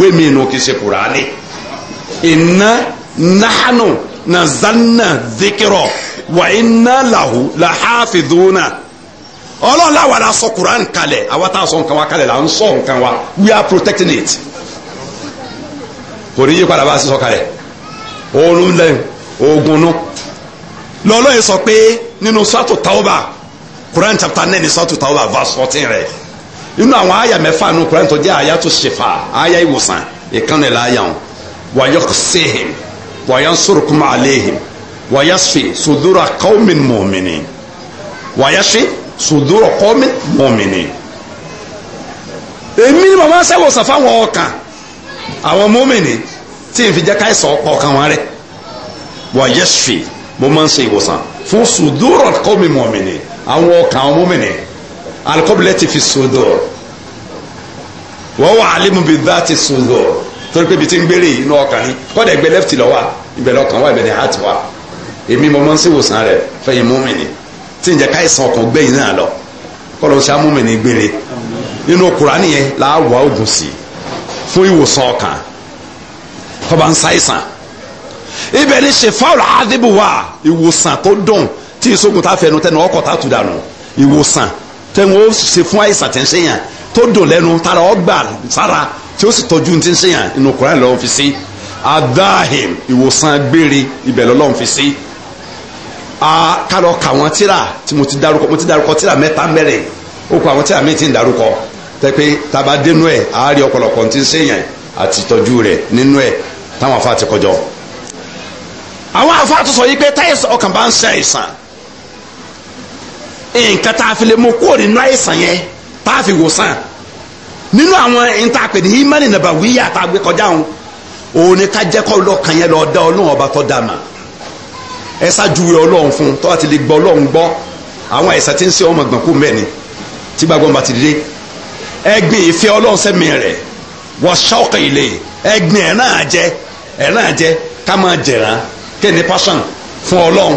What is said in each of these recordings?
wémi inú kì í ṣe kùránì inna nahanu nazanna dhikra wa inna lahu lahafidhuna ọlọ́run láwa la sọ kùránì kalẹ̀ àwa tá a sọ nǹkan wa kalẹ̀ la ń sọ nǹkan wa we are protecting it kò ní yí padà bá a sọ kalẹ̀ oorun lẹ́yìn oògùn nù lọ́lọ́yìn sọ pé nínú sọ́tò tàwọ́bà Quran chapter nine sọ́tò tàwọ́bà verse fourteen rẹ̀ inú àwọn àyà mẹ́fà nù kúrẹ́ tó jẹ́ àyà tó ṣèfà àyà ìwòsàn ìkànnì láyà wọn wàyọ sèhìn wàyọ sórùkùmọ̀ àléhìn wàyọ sè sùdúrà kọ́ọ̀mìn mọ̀mìnì wàyọ sè sùdúrà kọ́ọ̀mìn mọ̀mìnì. èmi ni màmá ṣèwòsàn fáwọn ọkàn àwọn mọ́mìnì tí n fi jẹ́ káìsàn ọ̀pọ̀ ọkàn wọn rẹ̀ wàyọ sè mo máa ìwòsàn fún sùdúrà kọ́ọ̀mìn mọ̀mìnì àwọn ọkàn mọ́mìnì alikọbilẹti fi sodọ wọn wà alimu bi dati sodọ torí pé ibi tí ń gbére yìí inú ọkàn ni kọ́dà ẹgbẹ́ lẹ́fìtì lọ́wọ́ ibẹ̀ lọ́kàn wà ibẹ̀ ni hàt wà èmi mo mọ́ ń ṣèwòsàn rẹ̀ fẹ́yìn múmìnì tí ń jẹ́ káìsàn ọkàn gbẹ̀yìn náà lọ kọ́dà ń ṣe amúmìnì gbére inú Kùránì yẹn là á wà oògùn sí fún ìwòsàn ọkàn tọ́ba ń ṣàìsàn ibẹ̀ ni ṣèfáwọ̀lá ádìbò wà ìwòsàn tó dùn tí ìṣògùn tá a fẹnu tẹnu ọkọ̀ tá a tù dànù ìwòsàn tẹ́ wọ́n ṣe fún àìsàn tẹ́ ń ṣèyàn tó dùn lẹ́nu tara ọgbà sára tí ó sì tọ́jú ti ń ṣèyàn inú Kùránì lọ́wọ́ fi sí adáhìm ìwòsàn gbére ibẹ̀ lọ́lọ́run fi sí kálọ̀ kà wọ́n tíra tí mo ti dárúkọ mo ti dárúkọ tíra mẹ́ta mẹ́rin ó kọ àwọn tíra mi ti ń dárúkọ tẹ́ taba dénú ẹ̀ àárí ọ̀pọ̀lọpọ̀ ti ń ṣèyàn àti tọ́jú rẹ̀ nínú ẹ̀ táwọn afa ti kọjọ àwọn afa tó sọ yìí pé táyà ọkàn bá ń ṣe àìsàn nǹkan tá a fi lè mú kúrò nínú àìsàn yẹn tá a fi wòsàn nínú àwọn nǹkan àpè ní imani nàbà wíyà tá a gbé kọjá òun òun ni ká jẹ́ kọ́ lọ́kàn yẹn lọ́ọ́ dá ọlọ́run ọba tó dà mà ẹ ṣáájú rẹ ọlọ́run fún tọ́wọ́ ti lè gbọ́ ọlọ́run gbọ́ àwọn àìsàn tí ń ṣe ọmọ gbọ̀n kú mẹ́ni tí gbàgbọ́n bá ti dé ẹgbin ìfẹ́ ọlọ́run sẹ́mi rẹ̀ wọ́n ṣọ́ọ̀kì ilé ẹgbin ẹ̀ náà jẹ́ ẹ̀ náà jẹ́ ká máa jẹ̀rán kéde passion fún ọlọ́run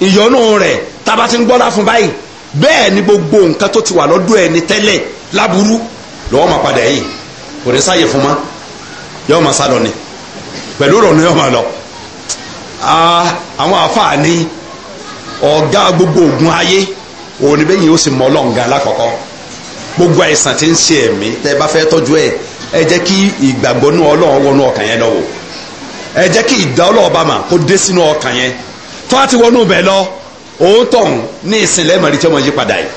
ìyọnú rẹ̀ tába ti ń gbọ́lá fún báyìí bẹ́ẹ̀ ni gbogbo nǹkan tó ti wà lọ́dún ẹni tẹ́lẹ̀ láburú lọ́wọ́ máa padà yìí kò ní sáyè fún ma yọ́ọ́ sá lọ ni pẹ̀lú ma lọ. àwọn ọ̀gá gbogbo ogun ayé ó gbogbo àìsàn ń ṣe ẹ̀mí tẹ́ bá fẹ́ tọ́jú ẹ̀ ẹ jẹ́ kí ọlọ́run wọnú ọkàn yẹn lọ́wọ́ ẹ tó a ti wọnú bẹ̀ lọ òun tọ̀hún ní ìsìnlẹ̀ mọ̀rí tí wọ́n yí padà yìí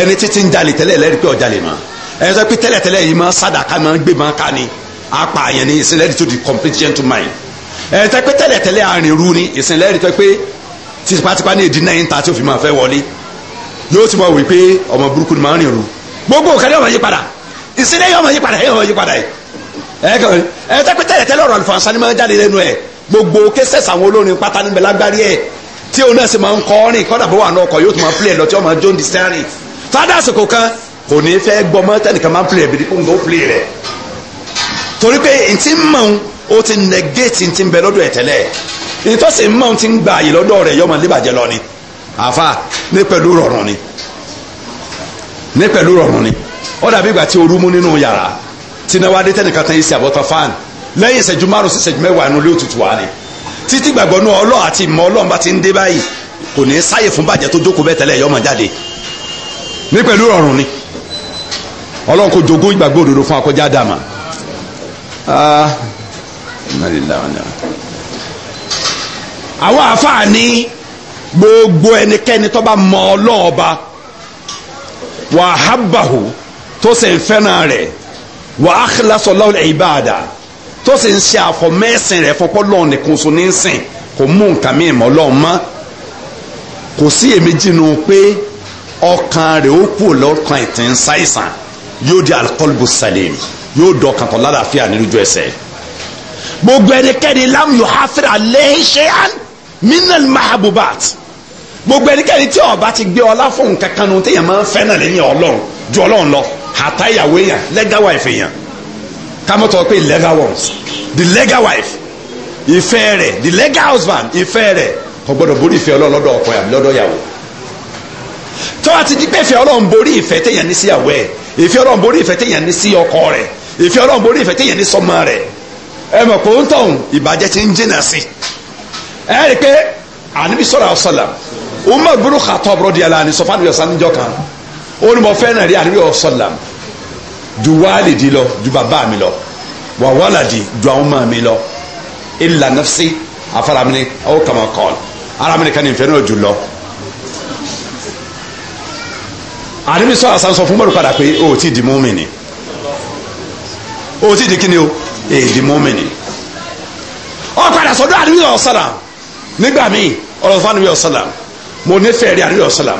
ẹni títí ń jalè tẹ́lẹ̀ lẹ́rìí pé ọ̀jalè mọ́ ẹni tó pé tẹ́lẹ̀ tẹ́lẹ̀ yìí máa sádàká máa ń gbé máa ká ni apààyàn ni ìsìnlẹ̀ tó di complete gentleman ẹni tó pé tẹ́lẹ̀ tẹ́lẹ̀ arìnrú ni ìsìnlẹ̀ tó pé tipatipa ní èdè náà ń ta tí òfin máa fẹ́ wọlé yóò ti mọ̀ wí pé ọmọ burúkú ni máa ń rìnrù gbogbo òkàdé ọmọ yí padà ìsìnlẹ̀ yọmọ yí padà yọmọ yí padà ẹ̀ ẹ̀ tẹ́lẹ̀ tẹ́lẹ̀ ọ̀rọ̀ àlùfáà sani gbogbo kẹsẹ̀sì àwọn olórin pátá níbẹ̀ lágbárí ẹ̀ tí òun náà sì máa ń kọ́ ọ́rìn kọ́dà bó wà náà ọkọ̀ yóò tún máa play ẹ̀ lọ tí ó máa jó ní sẹ́rìn fádà àsìkò kan kò ní fẹ́ gbọ́ mọ́ tẹ́nìkan máa ń play ẹ̀ bìrì kóńgó play rẹ̀ torí pé ntí ń mọ̀ ó ti negate ntí ń bẹ lọ́dọ̀ ẹ̀ tẹ́lẹ̀ ìtọ́sí ń mọ̀ ti ń gba àyè lọ́dọ̀ rẹ̀ yọmọ níbàjẹ́ lọ ni àfa ní pẹ̀lú rọrùn ni ní pẹ̀lú rọrùn ni ó dàbí ìgbà tí ooru mú nínú yàrá tí náwó adé tẹ́nìkan tán yìí sí àbọ̀tán fáànì lẹ́yìn ìṣẹ́jú márùn sí ìṣẹ́jú mẹ́wàá inú ilé òtútù wa ni títí gbàgbọ́ náà ọlọ́ àti ìmọ̀ ọlọ́run bá ti ń dé báyìí kò ní sáyè fún bàjẹ́ tó jókòó bẹ́ẹ̀ tẹ́lẹ̀ yọmọ jáde ní pẹ̀lú ọ̀run ni ọlọ́run kò jogún ìgbàgbọ́ òdodo fún akọjá dàmà ah, àwọn àáfàá ní gbogbo ẹnikẹ́ni tó bá mọ ọlọ́run ọba wàhábàhù tó sì ń fẹ́ràn rẹ̀ wàhákìlásọ̀lọ́ọ̀lẹ̀ ìbáàdà tó sì ń ṣe àfọmẹ́sìn rẹ̀ fún pọ́lọ́ọ̀ nìkan so ní sìn kò mú nǹkan mi mọ́ lọ́ọ̀ mọ́ kò sí èméjì nu pé ọkàn rẹ̀ ó kú lọ́kàn ìtì ń ṣàìsàn yóò di alikọ́lùbù salim yóò dọ̀kan tán lálàáfíà nílùú ẹsẹ̀ gbogbo ẹnikẹ́ni lam yóò hafira lẹ́yìn ṣe án minal mahabubat gbogbo ẹnikẹ́ni tí ọba ti gbé ọlá fún nǹkan kan nù téèyàn máa ń fẹ́ náà lẹ́yìn ọlọ́run ju ọlọ́run lọ àtàyàwó èèyàn lẹ́gàwá ìfẹ̀yàn kámọ́tọ̀ pé legal ones the legal wife ìfẹ́ rẹ̀ the legal husband ìfẹ́ rẹ̀ kò gbọ́dọ̀ borí ìfẹ́ ọlọ́run lọ́dọ̀ ọkọ àbí lọ́dọ̀ ìyàwó tọ́wọ́ ti di pé ìfẹ́ ọlọ́run borí ìfẹ́ téèyàn ní sí ìyàwó ẹ̀ ìfẹ́ ọlọ́run borí ìfẹ́ téèyàn ní sí ọkọ rẹ̀ ìfẹ́ ọlọ́run borí ìfẹ́ téèyàn ní sọmọ rẹ̀ ẹ mọ̀ pé ó ń tọ̀hún ìbàjẹ́ ti ń jìnà sí ẹ rí i pé àníbi sọ̀rọ̀ àwòsàlà Umar bin Khattab radiyallahu anhu sọ fún àníbi ju wálìdí lọ ju bàbá mi lọ wà wálàdì ju àwọn ọmọ mi lọ illa nafsi afaramini aw kama qal aramini kan nfẹ n'o ju lọ. àdìmí sọ àṣà sọ fún bọ́ọ̀lù padà pé o ti di mùmínì o ti di kíni o èdè e mùmínì ọ padà sọ́dọ̀ àdìmí sọ ọsàlà nígbà míì ọlọsọ fún àdìmí ọsàlà mo nífẹ̀ẹ́ rí àdìmí ọsàlà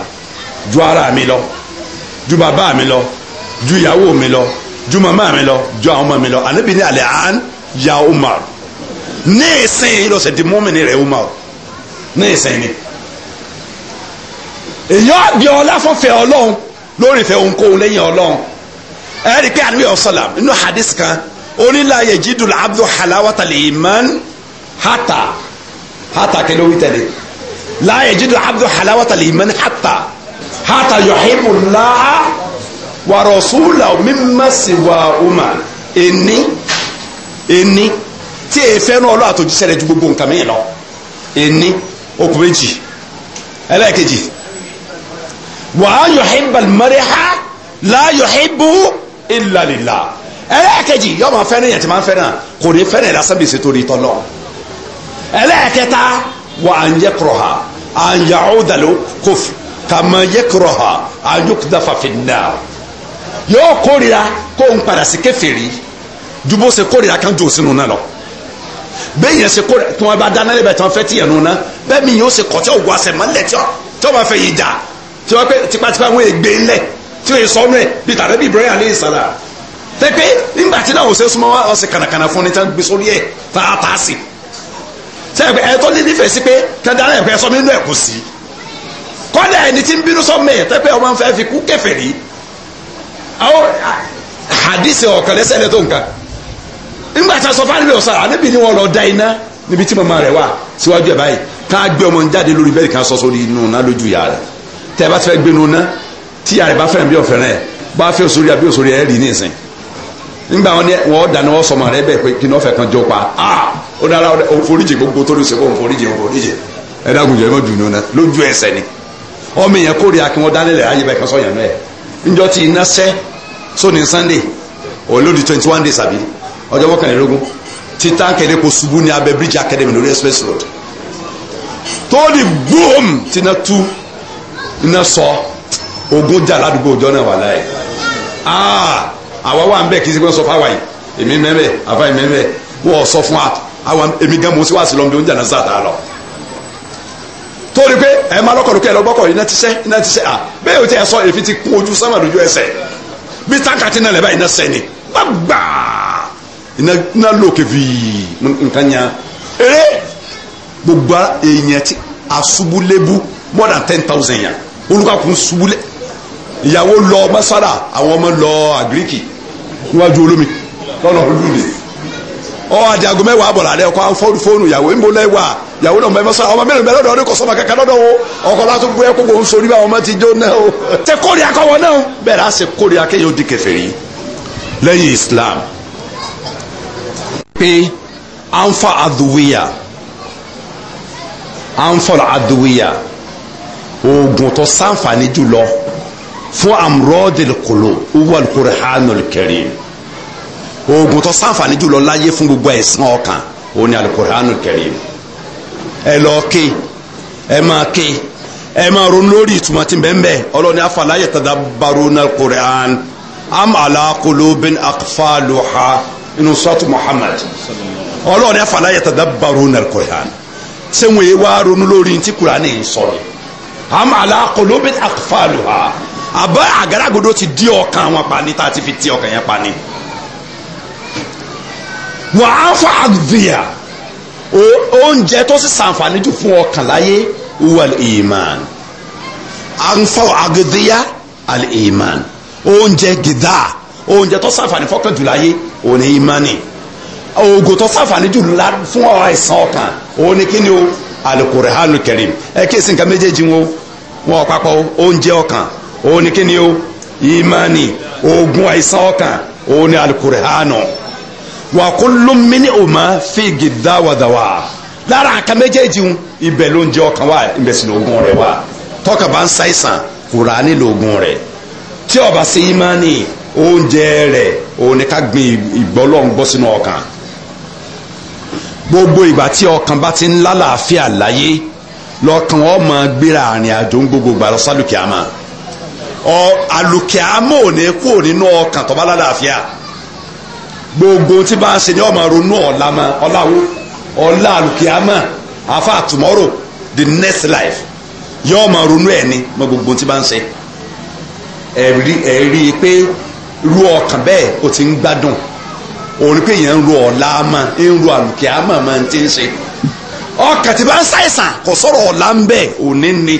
ju ara mi lọ ju bàbá mi lọ ju ìyàwó mi lọ ju màmá mi lọ ju àwọn ọmọ mi lọ anabi ní alẹ́ àn ya umar ní ìsìn lọ́sẹ̀ di mọ́mìnì rẹ̀ umar ní ìsìn ni èyí ọ̀bí ọlá fọ́fẹ́ ọlọ́run lórí ìfẹ́ ohunkóhun lẹ́yìn ọlọ́run ẹ̀rí pé àníwẹ̀ ọ̀sọ́làm nínú hadith kan onílàyé jidul abdu halawata liman hata hata kí ló wí láyé jidul abdu halawata liman hata hata yuhibbu Allah wa rasula mimma siwa uma ẹni ẹni tí èyí fẹ́ràn ọlọ́ àtòjíṣẹ́ rẹ̀ ju gbogbo nǹkan mìíràn lọ ẹni okùn méjì ẹlẹ́ẹ̀kejì wa yuhibbal mariha la yuhibbu illa lillah ẹlẹ́ẹ̀kejì yọ máa fẹ́ràn yẹn ti máa fẹ́ràn kò ní fẹ́ràn lásán bí ṣe torí tọ́lọ́ ẹlẹ́ẹ̀kẹta wa an yakraha an ya'uda lahu kufr kama yakraha an yukdafa fin nar yóò kórira kó ń padà sí kèfèrí ju bó ṣe kórira kan jò sínú náà lọ bẹ́ẹ̀ yẹn ṣe kórira tí wọ́n bá dáná lẹ́bẹ̀ẹ́ tí wọ́n fẹ́ tiẹ̀ nù náà bẹ́ẹ̀ mi yóò ṣe kọ́ tí ògùn àṣẹ mọ́lẹ̀ tí wọ́n bá fẹ́ yìí jà tí wọ́n pẹ́ tipátipá wọn ègbé ńlẹ̀ tí wọ́n sọ ọ́nù ẹ̀ bí tàbí bí Ibrahim aleyhi sàlá tẹ́pẹ́ nígbà tí náà ọ̀sẹ̀ súnmọ́ wọn ọ̀sẹ̀ kànàkànà fún ni tí wọ́n gbé sórí ẹ̀ tá a tà á sí sẹ́yìn ẹ̀ tó ní nífẹ̀ẹ́ sí pé tẹ́dáná ẹ̀ pẹ́ sọ mí nínú ẹ̀ kò sí kọ́lẹ̀ ẹni tí ń bínú sọ́mẹ̀ tẹ́pẹ́ ọmọ fẹ́ fi kú kèfèrí àwọn hadith ọ̀kan lẹ́sẹ̀ lẹ́tọ̀ nǹkan nígbà tí a sọ fáwọn ènìyàn sára níbi ni wọn lọ da iná níbi tí màmá rẹ wà síwájú ẹ báyìí tá a gbé ọmọ jáde lórí bẹ́ẹ̀ ká sọ sórí inú náà lójú ìyá rẹ tẹ ẹ bá ti fẹ́ gbénu náà tí ìyá rẹ bá fẹ́ràn bí ọ̀fẹ́ràn bá fẹ́ òsórí àbí òsórí ẹ rí ní ìsìn nígbà wọn wọn dànù wọn sọmọ rẹ bẹ́ẹ̀ pé kí ni wọn fẹ́ kan jọ pa ah ó dára òforíjì gbogbo tó ló ṣe fún òforíjì òforíjì ẹ dákun jẹ ẹ mọ dùnú náà lójú ẹsẹ̀ ni ọmọ èèyàn kórìíra kí wọn dálé lẹ ayé bẹ́ẹ̀ kan sọ yàn náà njọ́ tí iná sẹ́ sóni sunday olódi twenty one days àbí ọjọ́ mọ́kànlélógún tí táǹkì ẹ̀dẹ́kọ̀ ṣubú ní abẹ́ bridge academy lórí express road tóòdì gbóòm tí iná tú iná sọ ogun jà ládùúgbò ọjọ́ náà wà láyé ah, àwa wà ń bẹ̀ kí n sì gbọ́n sọ fáwa yìí èmi mẹ́mẹ́ àfáà yìí mẹ́mẹ́ wọ́n sọ fún wa èmi gan mo sì wá sí lọ́mọdé oúnjẹ náà sàtà lọ torí pé ẹ máa lọ́kọ̀lùkẹ́ lọ́gbọ́kọ̀ iná ti sẹ́ iná ti sẹ́ à bẹ́ẹ̀ o ti ẹ̀ sọ èfi ti kún ojú sánmà lójú ẹsẹ̀ bí táǹkàtì náà lẹ́bàá iná sẹ́ni gbàgbà iná lókè fi nǹkan yan eré gbogbo èèyàn ti asubúlébú more than ten thousand yan olùkàkùn subúlé ìyàwó lọ masara àwọn ọmọ lọ àgíríkì níwájú olómi lọ́nà olùdè ọ adiago mẹwàá bọ̀ lálẹ́ ọkọ fọ́ọ̀nù fóònù ìyàwó ń bọ̀ lẹ́wà ìyàwó náà mẹ́fà sọ́ra ọmọ mẹ́rin bẹ́ẹ̀ lọ́dọ̀ ọdún kò sọ́mọ kankan lọ́dọ̀ wo ọkọ láti gbé ẹkọ kò ń sori báwọn ọmọ ti jó náà o. ṣe kórè akọwọ náà bẹ́ẹ̀ láti ṣe kórè akéyàn di kèfèrí lẹ́yìn Islam pé anfa aduwiya anfa aduwiya oògùn tó ṣàǹfààní jùlọ fún amrodil kolo uwal kurhanul oògùn tó ṣàǹfààní jùlọ láyé fún gbogbo ẹ̀sán ọkàn òun ni alukoranu karim ẹ lọ ké ẹ máa ké ẹ máa ronú lórí ìtumọ̀ tí bẹ́ẹ̀ bẹ́ẹ̀ ọlọ́ni afala yatadabbaruna alukoran am ala qulubin aqfaluha inú sọ́ọ̀tù muhammad ọlọ́ni afala yatadabbaruna alukoran sẹ́wọ̀n yìí wá ronú lórí ti kurani sọ̀rọ̀ am ala qulubin aqfaluha àbá àgádágodo ti di ọkàn wọn pa ní tá a ti fi ti ọkàn yẹn pa ní wà á fa àgbìyà oúnjẹ tó sì sàǹfààní jù fún ọkàn láyé wal iman àǹfà àgbìyà al iman oúnjẹ gidá oúnjẹ tó sàǹfààní fọkàn jù láyé òní imani oògùn tó sàǹfààní jù fún àìsàn ọkàn òní kíni o alukurahanu karim ẹ kí èsì nǹkan méjèèjì wọn wọn papọ̀ oúnjẹ ọkàn òní kíni o imani oògùn àìsàn ọkàn òní alukurahanu. wà kullum fi wa lára nǹkan méjèèjì ń ibẹ̀ ló ń jẹ ọkàn wa ibẹ̀ lóògùn wa tọkàn bá ń ṣàìsàn Kùránì lóògùn rẹ̀ tí ó bá ṣe oúnjẹ rẹ òun ni ká gbin ìgbọ́lọ́run sínú ọkàn gbogbo ìgbà tí ọkàn bá ti ń lálàáfíà láyé lọ́kàn ó máa gbéra àrìn àjò ń gbogbo gbà lọ sálùkìámà alùkìámà ò ní nínú gbogbo tí bá ń ṣe ni ọmọ ronú ọ̀la mọ ọ̀làwó ọ̀la àlùkìyàmọ̀ afa tomorrow the next life yọọ ma ronú ẹ̀ ni mọ gbogbo tí bá ń ṣe ẹ̀rí ẹ̀rí pé ru ọkàn bẹ́ẹ̀ o ti ń gbádùn òun pé èèyàn ń ru ọ̀la mọ ń ru àlùkìyàmọ̀ mọ ń ti ń ṣe ọkàn tí bá ń ṣàìsàn kò sọ̀rọ̀ ọ̀la ń bẹ̀ òní ni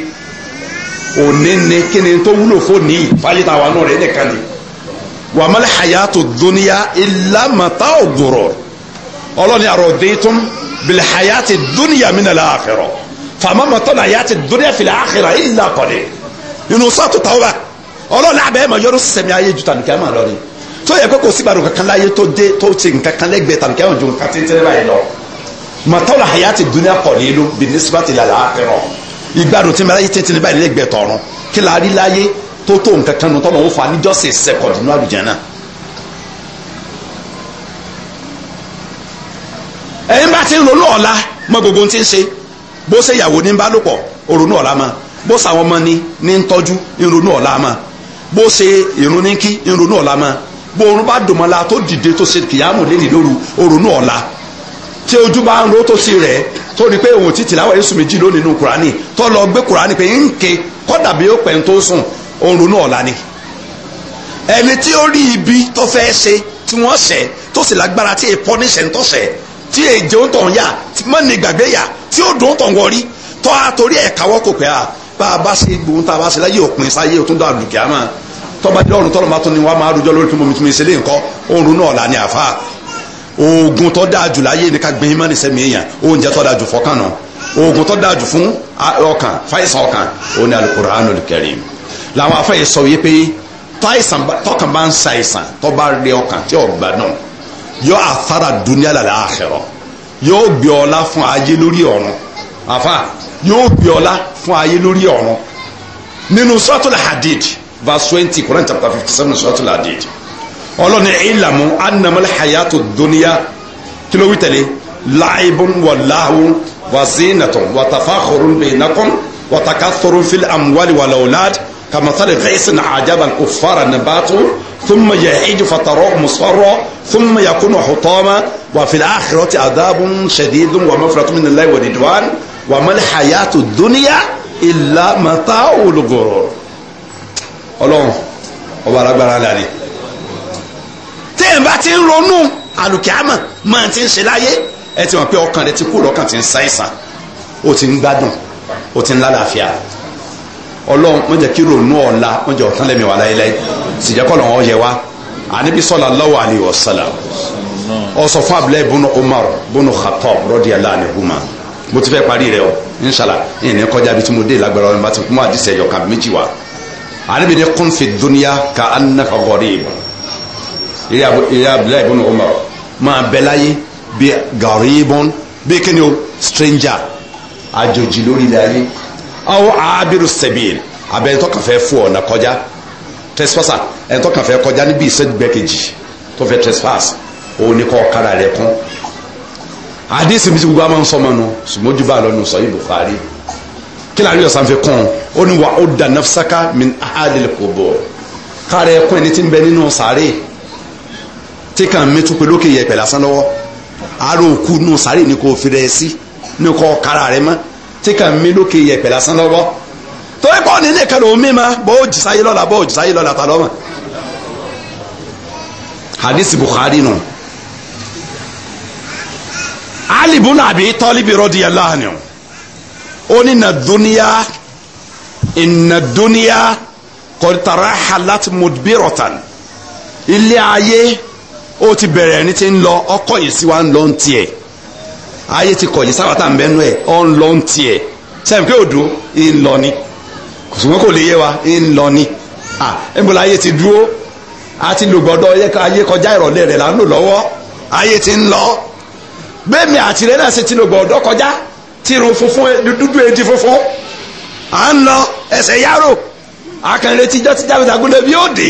òní ni kí ni tó wúlò fóònù yìí fáyé táwa náà rẹ̀ nìkan ni. wàmẹ́lì hayatu dúníyà ìlàmàtà ògùrọ̀ ọlọ́ni àròdìtún bìlì hayati dúníyà mí nàlẹ́ àfẹ́rọ̀ fàmà mọ̀tọ́nà hayati dúníyà fìlẹ̀ àkìrà ìlà kọ́ni inú sọ́ọ̀tù tàwọn ọlọ́ni àbẹ́ ẹ̀ mọ̀ yọrù sẹ̀mí ayé ju tàbí kẹ́mà lọ́ni tó yẹ kó kò sí ìbàdàn kankan láyé tó dé tó ti nǹkan kan lẹ́gbẹ̀ẹ́ tàbí kẹ́mà ju nǹkan tẹ́tẹ́rẹ́ báyìí lọ mọ̀tọ́nà hayati dúníyà kọ́ni inú bìlì sípàtì làlẹ́ àfẹ́rọ̀ ìgbàdùn tí mẹ́láyé tẹ́tẹ́rẹ́ báyìí lẹ́gbẹ̀ẹ́ tọ̀run kí láàrí láyé tó tó nǹkan kan nu tọ́lọ̀ fa ní just a second nínú àlùjánnà. ẹ̀yin bá ti ń ronú ọ̀la mọ gbogbo ohun tí ń ṣe bó ṣe ìyàwó ní ń bá lò pọ̀ òronú ọ̀la mọ́ bó ṣàwọn ọmọ ni ní ń tọ́jú ń ronú ọ̀la mọ́ bó ṣe ìrun ní kí ń ronú ọ̀la mọ́ bó orun bá dòmọ́la tó dìde tó ṣe kìyàmù lélẹ̀ lóru òronú ọ̀la tí ojú bá ń ro tó ti rẹ̀ tó rí pé òun ti tìláwọ̀ yéṣu méjì lónìí nínú kùránì tó lọ gbé kùránì pé ń ké kọ́dà bí ó pẹ̀ ń tó sùn ó ń ronú ọ̀la ni ẹni tí ó rí ibi tó fẹ́ ṣe tí wọ́n ṣẹ̀ tó sì lágbára tí èèpọ̀ níṣẹ́ ń tọ̀ṣẹ̀ tí èjè ń tọ̀ ń yà tí mọ́ni gbàgbé yà tí ó dùn tọ̀ ń wọrí tọ́ a torí ẹ̀ káwọ́ kò pẹ́ a bá a bá ṣe gbòó tá a bá ṣe láyé òpin sáyé òtún dà lùkìá mọ́ tọ́ba jẹ́ ọ̀run tọ́lọ́mà tó ni wọ́n máa rojọ́ lórí kí mo mi tún mi ṣe lé nǹkan òun ronú ọ̀la ni àfa oògùn tó dáa jù láyé ni ká gbé imáni sẹ́mi èèyàn oúnjẹ tó dáa jù fọ́kànnà oògùn tó dáa jù làwọn afẹ́yẹ sọ yìí pé táìsàn tọkàn bá ń sa ìsàn tó bá rí ọkàn tí ò gbádùn yọ àfárá dunya lal akhirah yóò gbé ọlá fún ayé lórí ọ̀run àfa yóò gbé ọlá fún ayé lórí ọ̀run nínú suratul hadid verse twenty Quran chapter fifty seven suratul hadid ọlọ́ni ìlàmú annamal hayatu dunya kí ló wí tẹ̀lé láìbùn wà láhùn wà zínàtùn wà tàfàkùrùn bainakum كمثل غيث عجب الكفار نباته ثم يهيج فتراه مصفرا ثم يكون حطاما وفي الآخرة عذاب شديد ومفرة من الله ورضوان وما الحياة الدنيا إلا متاع الغرور Ọlọ́run ọba alágbára láre téèyàn bá ti ń ronú àlùkìámà máa ti ń ṣe láyé ẹ ti mọ̀ pé ọkàn rẹ ti kú lọ́kàn ti ń ṣàìsàn ó ti ń gbádùn ó ti ń lálàáfíà ọlọ́run wọ́n jẹ́ kí ronú ọ̀la wọ́n jẹ́ ọ̀tán lẹ́mìí wà láyéláyé sìjẹ́kọ́ lọ́wọ́ yẹ wa anabi sallallahu alayhi wa sallam ó sọ fún abdulayi bunu umar bunu khattab radiyallahu anhuma mo ti fẹ́ parí rẹ o inshallah ẹ̀yìn ní kọjá bí tí mo dé lágbára ọ̀rẹ́ bá ti kún àdìsẹ́ yọ ká méjì wa anabi ní kun fi dunya ka annaka gharib ìyá abdulayi bunu umar máa bẹ láyé bí gharibun bí kíni o stranger àjòjì lórí ilẹ̀ ayé aw abiru sabil abẹ ẹni tó kàn fẹ́ fún ọ̀nà kọjá trespasser ẹni tó kàn fẹ́ kọjá níbi ìsẹ́gbẹ́ trespass òun ni kọ́ kára rẹ̀ kún àdéhùn bí gbogbo àwọn sọmọ nù ṣùgbọ́n ojú bá a lọ nù kila yìí Bukhari kí láàrin ọ̀sán fi da nafsaka min ahadil qubur kára ẹ̀ kún ẹni tí ń bẹ nínú sàárè tí kàn mí tún pé lókè yẹpẹ̀ lásán lọ́wọ́ àárò òkú nù ni kò fi rẹ̀ sí ní kọ́ kára rẹ̀ mọ́ tí kàn mí lókè yẹ̀pẹ̀ lásán lọ́wọ́ torí pọ́ nílé kan ló mímá bó o jì sáyé lọ́la bó o jì lọ́la ta lọ́mọ. hadith Bukhari nù. Ali bun Abi Talib radiyallahu anhu ó ní na dúníyà ìnà dúníyà kọ̀tara halat mudbirotan ilé ayé ó ti bẹ̀rẹ̀ ní ti ń lọ ọkọ̀ yìí sí wa ń lọ ń tiẹ̀ ayé ti kọ̀yìn sábàtà ń bẹ́nu ẹ̀ ọ̀ ń lọ ń tiẹ̀ sẹ́yìn pé òdo ń lọ ni kò sùnwọ́n kò lè yé wa ń lọ ni à ń bọ̀ láyé ti dúró a ti lò gbọ́dọ̀ ayé kọjá ìrọ̀lẹ́ rẹ̀ là ń lò lọ́wọ́ ayé ti ń lọ bẹ́ẹ̀mi àtìrẹ́ náà ṣe ti lò gbọ́dọ̀ kọjá tí irun funfun dúdú etí funfun à ń lọ ẹsẹ̀ yárò akẹ́rẹ́tì jọ́tí jáfẹ́sàgúnlẹ̀ bí ó dé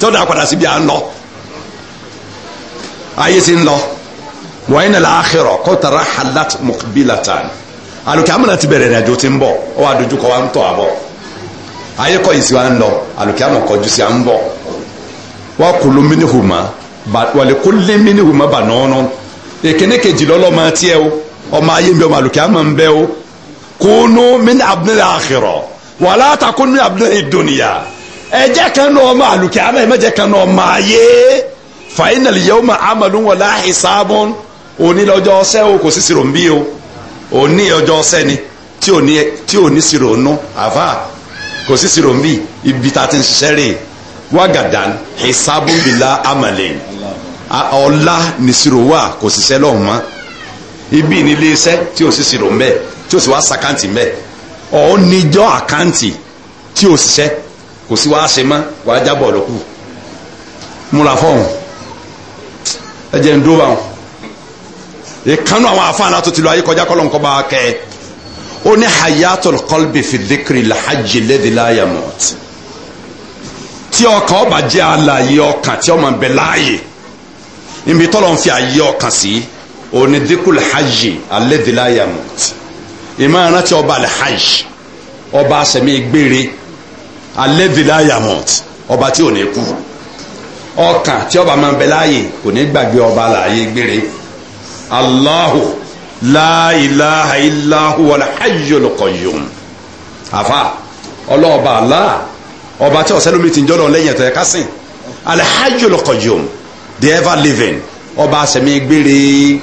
tọ́da padà síbi à ń lọ ayé ti ń lọ wọ́n yẹn láàkìrọ̀ kó tara halat mukbilatan alùkẹ́ àmàlà ti bẹ̀rẹ̀ ìrìnàjò ti ń bọ̀ ó wà dojú kọ wa ń tọ̀ àbọ̀ ayé kọ́ yìí sí wa ń lọ alùkẹ́ àmọ̀ kọjú sí à ń bọ̀ wọ́n kò ló mí ní hùmá wàlẹ̀ kó lé mí ní hùmá bà nọ́ọ́nọ́ èkéne kejì lọ́lọ́mọ tiẹ̀ o ọmọ ayé ń bẹ ọmọ alùkẹ́ àmọ̀ ń bẹ o kónú mí ní abúlé àkìrọ̀ wàlá ta kónú abúlé ìdòníyà ẹ jẹ́ kan náà ọmọ alùkẹ́ àmọ̀ òní lọ́jọ́ ọsẹ́ o kò sí sírò ń bí o òní ọjọ́ ọsẹ́ ni tí ò ní tí ò ní sírò nú àfà kò sí sírò ń bí ibi tá a ti ń ṣiṣẹ́ rè wàgàdàn ìsábùbìlà àmàlẹ̀ ọ̀la nìṣirò wà kò ṣiṣẹ́ lọ́hùn mọ́ ibi nílé iṣẹ́ tí ò sí sírò ń bẹ̀ tí ò sì wá sàkáǹtì ń bẹ̀ ọ̀ níjọ́ àkáǹtì tí ò ṣiṣẹ́ kò sí wá ṣe mọ́ wàá jábọ̀ lọ́kù múra fọ́ọ̀hún ẹ jẹ́ ń dó báwọn ìkànnú àwọn afáàná tó ti lọ ayé kọjá kọlọ̀ nǹkan bá kẹ́ ó ní hayatul qalbi fi dhikri lhajj alladhi la yamut tí ọkàn ọba jẹ́ àlàyé ọkàn tí ọmọ bẹ̀ láàyè níbi tọ́lọ̀ ń fi àyè ọkàn sí òní dhikul hajj alladhi la yamut ìmọ̀ràn tí ọba alhajj ọba asẹ̀mí gbére alladhi ọba tí ò ní kú ọkàn tí ọba máa bẹ láàyè kò ní gbàgbé ọba àlàyé gbére. Allahu la ilaha illahu wal hayyul qayyum àfa ọlọ́ọ̀ba Allah ọba tí ọ̀sẹ́ lómi ti ń jọ́dọ̀ lẹ́yìn ẹ̀tọ́ ẹ̀ká sìn al hayyul qayyum the ever living ọba àsẹ̀mí gbére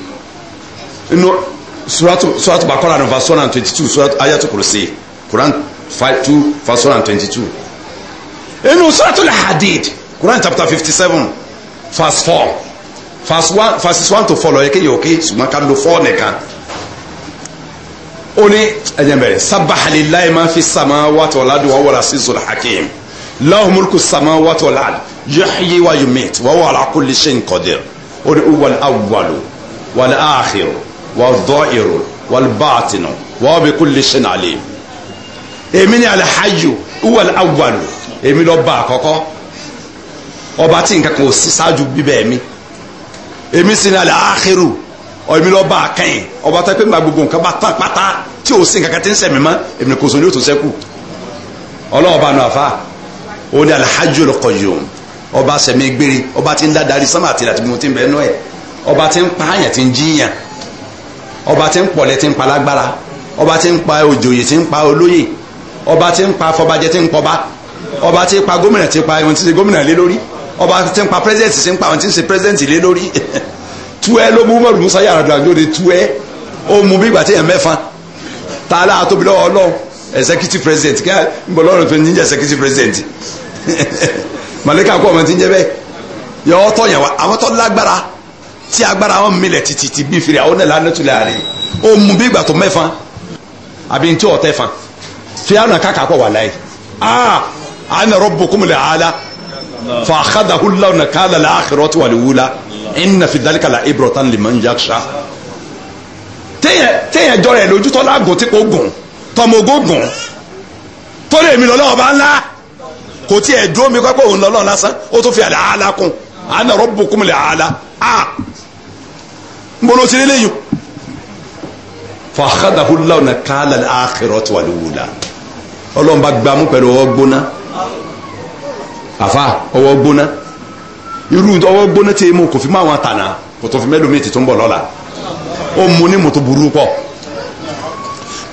inú suratu suratu bakora no verse one and twenty two suratu ayatu kurusi Quran five two verse one and twenty two inú suratu al Quran chapter fifty seven verse four verses one to four lọ yẹ kéèyàn òkè ṣùgbọ́n ká lo four nìkan ó ní ẹ̀jẹ̀ bẹ̀rẹ̀ sábàhálì láì máa fi sàmà wàtò ọ̀làdùn wà wọ̀lá sí zòlá hakim láwọn múlùkù sàmà wàtò ọ̀làdùn yọ̀hìyí wa yumit wà wọ̀lá kó lè ṣe nkọ̀dẹ̀ ó ní wàl awwalu wàl àhìrù wàl dọ́ìrù wàl bàtìnù wà bí kó lè ṣe nàlẹ́ èmi ni alhayu wàl awwalu èmi lọ bá àkọ́kọ́ ọba kan ò sí ṣáájú èmi sì ní alẹ́ àkérò ọ̀yẹ́mi lọ bá a kẹ́yìn ọba tó pé ńgbà gbogbo nǹkan bá tán pátá tí ò sí nǹkan kan tí ń sẹ̀mí mọ́ èmi kò sọ ní òtún sẹ́kù ọlọ́wọ́ bá nu àfa òun ni alhajjul qayyum ọba sẹ̀mí gbére ọba tí ń dádarí sánmà àti ìlàtí gbogbo tí ń bẹ́ẹ̀ nú ẹ̀ ọba tí ń pa àyàn tí ń jíyàn ọba tí ń pọ̀lẹ́ tí ń pa lágbára ọba tí ń pa òjòyè tí ń pa olóyè ọba tí ń pa afọbajẹ tí ń pọba ọba tí ń pa gómìnà tí ń pa ẹ̀wọ̀n tí ṣe gómìnà lé lórí ọba tí ń pa president ṣe ń pa àwọn tí ń ṣe president lé lórí tuẹ ló mú mọ̀rún musa yàrá dàgbò de tuẹ ó mú bí ìgbà tí yẹn mẹ́fà tá a láà tóbi lọ́wọ́ ọlọ́run executive president kí á ń bọ̀ lọ́rùn tó ń jẹ́ executive president màlẹ́kà kọ́ ọmọ tí ń jẹ́ bẹ́ẹ̀ yọ ọ́ tọ̀ yẹn wa àwọn tó lágbára tí agbára wọn milẹ̀ títí ti bí fìrì àwọn nàlá nàtúlẹ̀ àárẹ̀ ó mú bí ìgbà tó mẹ́fà àbí ntí ọ̀tẹ́ fan fi àwọn kàkà kọ́ wà láyé ah àmì rọ́bù kúmùlẹ̀ àlá فأخذه الله نكال الآخرة والأولى إن في ذلك لعبرة لمن يخشى téèyàn jọrọ ẹ lójú tọ́lá gùn tí kò gùn tọmọ ogún gùn tó lè mi lọ́lọ́wọ́ bá ńlá kò tí ẹ̀ dúró mi kọ́ pé òun lọ́lọ́wọ́ lásán ó tún fi àlẹ́ àlá kún àná rọ́bù kún mi lẹ́ àlá a ń bolo ti lélẹ́yìn fàkàdàhùn lọ́nà kálá àkẹrọ̀ tí wà lówó la ọlọ́run bá gbámú pẹ̀lú ọgbóná àfa ọwọ́ gbóná irú ọwọ́ gbóná tí mo kò fi mọ àwọn àtànà kò tó fi mẹ́lòmíì ti tún bọ̀ lọ́la ó mu ní mọ́tò burú pọ̀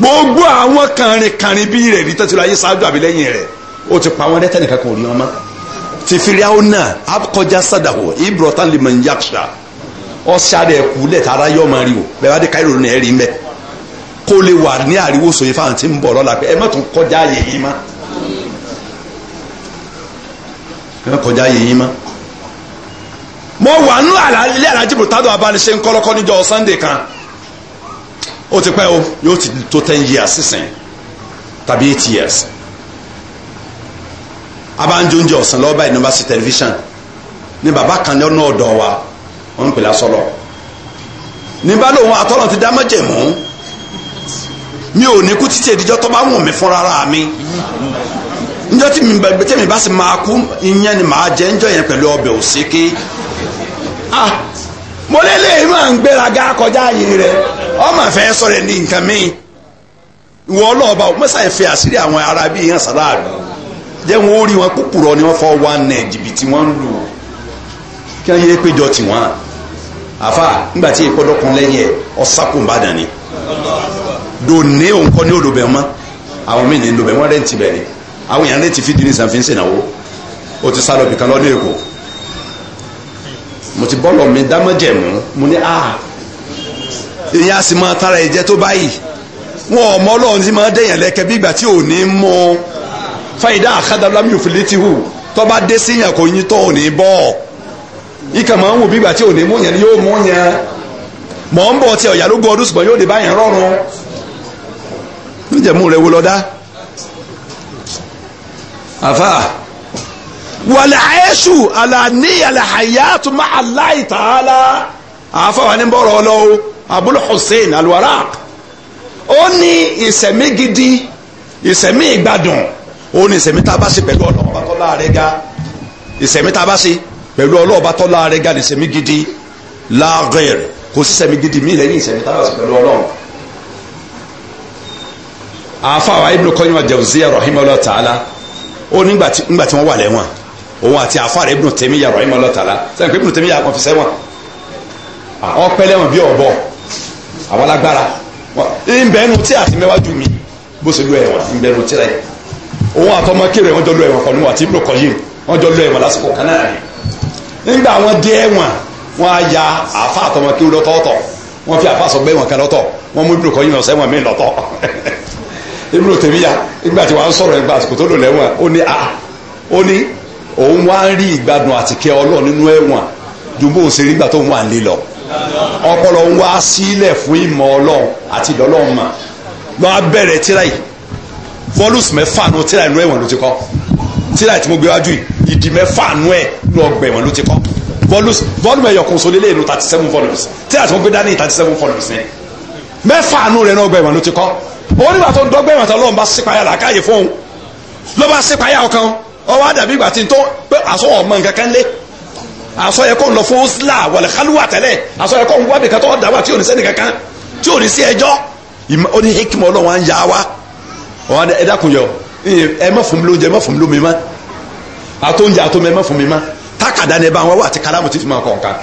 gbogbo àwọn kànrìnkànrìn bí rẹ̀ rí tẹ́tí láyé ṣáájú àbí lẹ́yìn rẹ̀ ó ti pa wọn dẹ́tẹ́ nìkan kò rí wọn mọ́ ti firiawo náà akọjá sàdàwọ̀ ibrọ̀tán lè mọ̀ nyàkṣà ọ̀ṣàdẹ̀ ẹ̀kú lẹ́tà ara yọ̀ máa rí o bẹ́ẹ̀ bá dé káyọ̀ lónìí ẹ̀ rí mẹ́ kó lè wà ní àríwó sòye fáwọn tí ń bọ̀ lọ́la pé ẹ má tún kọjá yẹ̀yìn mọ́ kí wọ́n kọjá yìnyín mọ́. mo wà nínú ilé alájí bùtádù abániṣe ńkọ́lọ́kọ́ níjọ́ sunday kan ó ti pẹ́ o yóò ti tó ten years sísìn tàbí eight years abánjóúnjẹ ọ̀sán lọ́wọ́ báyìí nọ́mbà sí tẹlifíṣàn ní bàbá kan lọ́nà ọ̀dọ̀ wa wọ́n ń pè lásọ̀lọ̀ ní bá lóun àtọ́nà ti dá mọ́jẹ̀mú mi ò ní kú títí ìdíjọ́ tó bá wù mí fúnra mi njọ́ tí mi bẹ tẹ́mi bá sì máa kú ìyẹn ni màá jẹ njọ́ yẹn pẹ̀lú ọbẹ̀ òsèké ah mo lélẹ̀ máa ń gbéraga kọjá yìí rẹ ọmọ fẹ́ sọ̀rọ̀ ní nǹkan mi ìwọ ọlọ́ọ̀ba ò mọ́sà ìfẹ́ àṣírí àwọn ará bíi yẹn sàláàdù jẹ́ wọn ó rí wọn kúkúrọ̀ ni wọ́n fọ́ wá nẹ̀ jìbìtì wọ́n ń lù kí wọ́n yé péjọ tiwọn àfa nígbà tí ìpọ́dọ̀ lẹ́yìn ẹ̀ ọ̀sákùnbàdàn ni dòní òǹkọ́ ní odò bẹ̀ àwọn mí ní odò bẹ̀ mọ́ rẹ́ǹtì bẹ̀rẹ̀ àwọn èèyàn létí fídíò ní ìsànfin ṣènáwó ó ti sálọ bìkan lọ́dún èkó mo ti bọ́ọ̀lù mi dámọ́jẹ̀mú mo ní a ah, ìyẹn a sì máa tara ẹ̀jẹ̀ tó báyìí wọn ò mọ ọlọ́run tí máa dẹ̀yàn lẹ́kẹ́ bí ìgbà tí ò ní mọ fàyídà àkàdàlámì òfìlétìhù tó bá dé síyàn kò yín tó ò ní bọ́ ìkà máa ń wò bí ìgbà tí ò ní mú yẹn yóò mú yẹn mọ̀ ń bọ̀ tí ọ̀yà ló gbọ́ ọdún ṣùgbọ́n yóò lè bá rọrùn níjẹ̀mú rẹ̀ wo àfà wàlẹ̀ àyẹ́sù àlàníyàlẹ̀ hayatu ma Allahi ta'ala àfà wà ní bọ̀rọ̀ ọlọ́wọ́ Abul Hussein alwaraq ó ní ìsẹ̀mí gidi ìsẹ̀mí ìgbádùn ó ní ìsẹ̀mí tá a bá ṣe pẹ̀lú ọlọ́ọ̀bá tọ́lá rẹ̀ ga ìsẹ̀mí tá a bá ṣe pẹ̀lú ọlọ́ọ̀bá tọ́lá rẹ̀ ga ìsẹ̀mí gidi láàgẹ̀rẹ̀ kò sí ìsẹ̀mí gidi mí lẹ́yìn ìsẹ̀mí tá a bá ṣe pẹ̀lú ọlọ́ọ̀ àfà wà Ibn Qayyim al-Jawziyya rahimahullah ta'ala ó nígbà tí wọ́n wà lẹ́wọ̀n òun àti àfa rẹ̀ Ibn Taymiyyah rahim ọlọ́tàlá sẹ́yìn pé Ibn Taymiyyah kan fi sẹ́wọ̀n ọpẹ́ lẹ́wọ̀n bí ọ̀bọ àwọn alágbára ìbẹ́nu tí àti mẹ́wájú mi bó ṣe lu ẹ̀wọ̀n ìbẹ́nu tí rẹ̀ òun àtọmọkè rẹ̀ wọ́n jọ lu ẹ̀wọ̀n pọ̀ níwọ̀n àti Ibn Qayyim wọ́n jọ lu ẹ̀wọ̀n lásìkò kan náà nígbà wọn dé ẹ̀wọ̀n wọn á ya àfa àtọmọkè lọ́tọ̀ọ̀tọ̀ wọn fi àfa sọ bẹ́ẹ̀ wọn Ibnu Tèmíyà nígbà tí wàá ń sọ̀rọ̀ ẹgbà àsìkò tó lò lẹ́wọ̀n ó ní a ah. ó ní òun wá ń rí ìgbádùn àtìkẹ́ Ọlọ́run nínú ẹ̀wọ̀n ju bó ṣe rí nígbà tó ń wà nílé lọ ọpọlọ ń wá sílẹ̀ fún ìmọ̀ Ọlọ́run àti ìdọ́lọ́run mà lọ́wọ́ abẹ́rẹ́ tíra yìí volumes mẹ́fà nu tíra inú ẹ̀wọ̀n ló ti kọ́ tíra tí mo gbé wájú yìí ìdí mẹ́fà nu ẹ̀ nu ọgbà ẹ̀wọ̀n ló ti kọ́ volumes volume ẹ̀yọ̀kan sọ lélẹ̀ inú thirty seven volumes tíra tí mo gbé dání thirty seven volumes ni mẹ́fà nu rẹ̀ nu ọgbà ẹ̀wọ̀n ló ti kọ́ òun nígbà tó ń dọ́gbẹ́ ìrántí ọlọ́run bá sípayà làákàyè fún òun ló bá sípayà ọkàn ọwọ́ àdàbí ìgbà tí n tó pé àsọ ọmọ nǹkan kan lé àsọ yẹ kó ń lọ fún osla wàlẹ̀ kálúwà tẹ́lẹ̀ àsọ yẹ kó ń wábì kan tó dàgbà tí ò ní sẹ́ni kankan tí ò ní sí ẹjọ́ ó ní hekima ọlọ́run á ń ya wa ọ̀hún ẹ dákun yọ ẹ má fún mi lóúnjẹ ẹ má fún mi lómi má àtọ́njẹ àtọ́mi ẹ má fún mi má tákàdá ni ẹ bá wọn wá àti kálámù tí máa kọ̀ ọ̀kan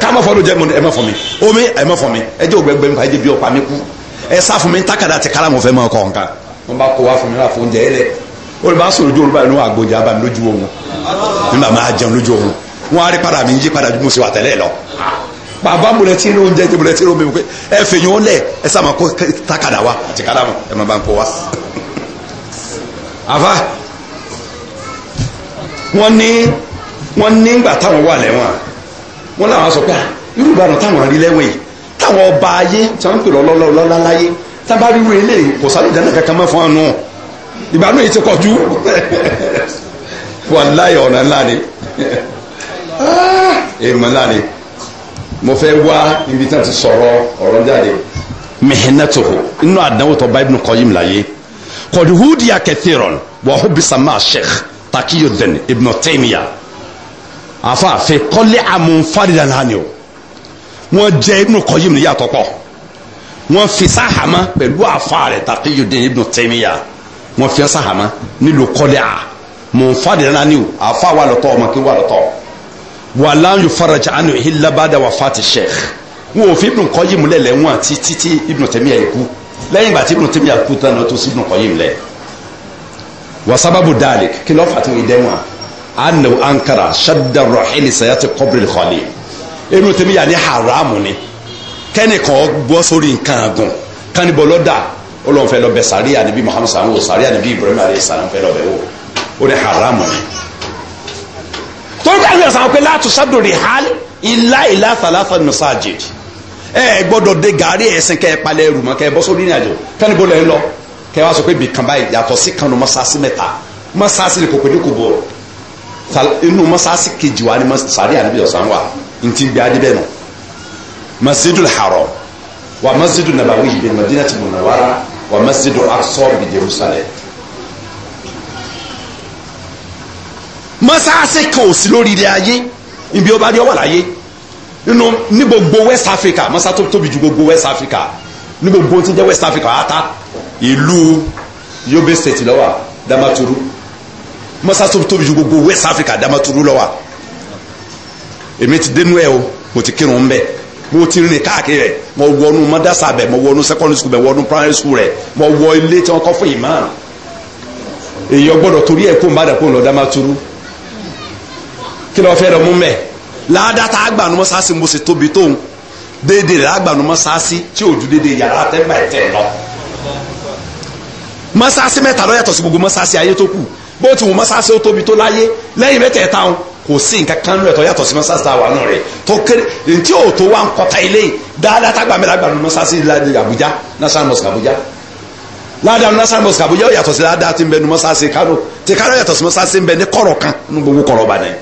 ká má fọ́ lóúnjẹ ẹ má fún mi omi ẹ má fún mi ẹ jẹ́ ògbẹ́gbẹ́ nípa ẹ jẹ́ bí ọ̀pá mi kú ẹ sá fún mi tákàdá ti kára mo fẹ́ mọ ọkọ nǹkan wọn bá kó wá fún mi wá fún oúnjẹ ẹlẹ olùbá sọ̀rọ̀ ojú olùbá inú àgbòjì abami lójú òun nígbà máa jẹun lójú òun wọn á rí padà mi yí padà ju mo ṣe wà tẹ́lẹ̀ lọ bàbá mo lẹ tí inú oúnjẹ mo lẹ tí inú omi mo pé lẹ ẹ sá ma kó tákàdá wa àti kára mo ẹ má bá ń kó wa. àfa wọn ní wọn ní táwọn wà lẹ́wọ̀n wọn làwọn sọ pé ah, irú ìbàdàn táwọn rí lẹ́wọ̀n táwọn ọba ayé tí wọ́n ń pè lọ́lọ́lọ́ lọ́lá láyé tábà rírú ilé kò sáré ìdáná kankan mọ́ fún àánú ìbànú yìí ti pọ̀ jù wàláyé ọ̀nà ńlá ni èèmọ̀ ńlá ni mo fẹ́ wá ibi tí wọ́n ti sọ̀rọ̀ ọ̀rọ̀ jáde mihinatuhu inú àdánwò tó bá Ibn Qayyim láyé kọ̀dù húdìyà kathiran wà hubisa ma sheikh Taqiyuddin Ibn Taymiyyah àfa àfẹ kọ́lé àmúfàdìdàn hàn ni o wọ́n jẹ́ Ibn Qayyim ní yàtọ̀ pọ̀ wọ́n fi sáhàmá pẹ̀lú àfa rẹ̀ Taqiyuddin Ibn Taymiyyah wọ́n fi sáhàmá nílò kọ́lẹ́ à mọ̀nfàdìrán ni o àfa wà lọ́tọ̀ ọmọ kí wà lọ́tọ̀ wà láyò farajà àná illa ba'da wafati Sheikh wọn ò fi Ibn Qayyim lẹ́lẹ̀ wọn àti títí Ibn Taymiyyah ikú lẹ́yìn ìgbà tí Ibn Taymiyyah kú tán tó sí Ibn Qayyim lẹ́ wà sábàbù dalik kí lọ́ọ́ fàtí wọn ìdẹ́wọ̀n àná ankara shadda rahili sayati qabri khalil Ibn Taymiyyah ní haramu ni kẹ́nìkan gbọ́ sórí nǹkan àgùn kánibọ́ lọ́dà Ọlọ́run fẹ́ lọ bẹ sàríà níbi Muhammad sàn wò sàríà níbi Ibrahim alayhi sàn fẹ́ lọ bẹ wò ó ní haramu ni. torí káyọ̀ sàn pé látò sábòrì hàn ilá ilá thalatha masajid ẹ gbọ́dọ̀ dé gàárì ẹ̀sìn kẹ́ ẹ palẹ̀ ẹrù mọ́ kẹ́ ẹ bọ́ sórí ìrìn àjò kánibọ́ lẹ́ ń lọ kẹ́ ẹ wá sọ pé bìkan báyìí yàtọ̀ sí kanu mọ́sáàsì mẹ́ta mọ́sáàsì ni kò pé ní kò bọ̀ inú mọ́sáàsì kejì wa ni sàríà níbi ọ̀sán wa nti bi adi bɛ no masjidul haram wa masjidul nabawi bi madinati munawara wa masjidul aqsa bi jerusalem masaase kan ò sí lórí ilé ayé ibi ó bá dé ó wà láyé nínú ní gbogbo west africa masa tó tóbi ju gbogbo west africa ní gbogbo tí ń jẹ́ west africa ata ìlú yobe state ló wà damaturu masa tó tóbi ju gbogbo west africa damaturu ló wà èmi ti dénú ẹ o mo ti kírun bẹ mo ti rìn káàkiri rẹ mo wọnú mọdásà bẹ mo wọnú secondary school bẹ wọnú primary school rẹ mo wọ ilé tí wọn kọ fún imam èyàn gbọ́dọ̀ torí ẹ kó n bá dà kó n lọ dá má turu kí lọ fẹ rẹ mú mẹ ládàtà agbanumọ sásì mo sì tóbi tóun déédéé rẹ agbanumọ sásì tí ò ju déédéé yàrá tẹ bá ẹ tẹ lọ mọ́sásí mẹ́ta ló yàtọ̀ sí gbogbo mọ́sásí ayé tó kù bó ti wù mọ́sásí ó tóbi tó láyé lẹ́yìn mẹ́tẹ̀ẹ̀ta wọn kò sí nǹkan kan lóòótọ́ yàtọ̀ sí mọ́sáàsì tá a wà nù rẹ̀ tó kéré ntí o tó wá ń kọta ilé dáadáa tá gbàmẹ́lá gbàdúrà mọ́sáàsì ládé Àbújá national mosque Àbújá ládàá national mosque Àbújá ó yàtọ̀ sí ládàá tí ń bẹ nu mọ́sáàsì Kánò tí Kánò yàtọ̀ sí mọ́sáàsì ń bẹ ní kọ̀rọ̀ kan nu gbogbo kọ̀rọ̀ bá dẹ̀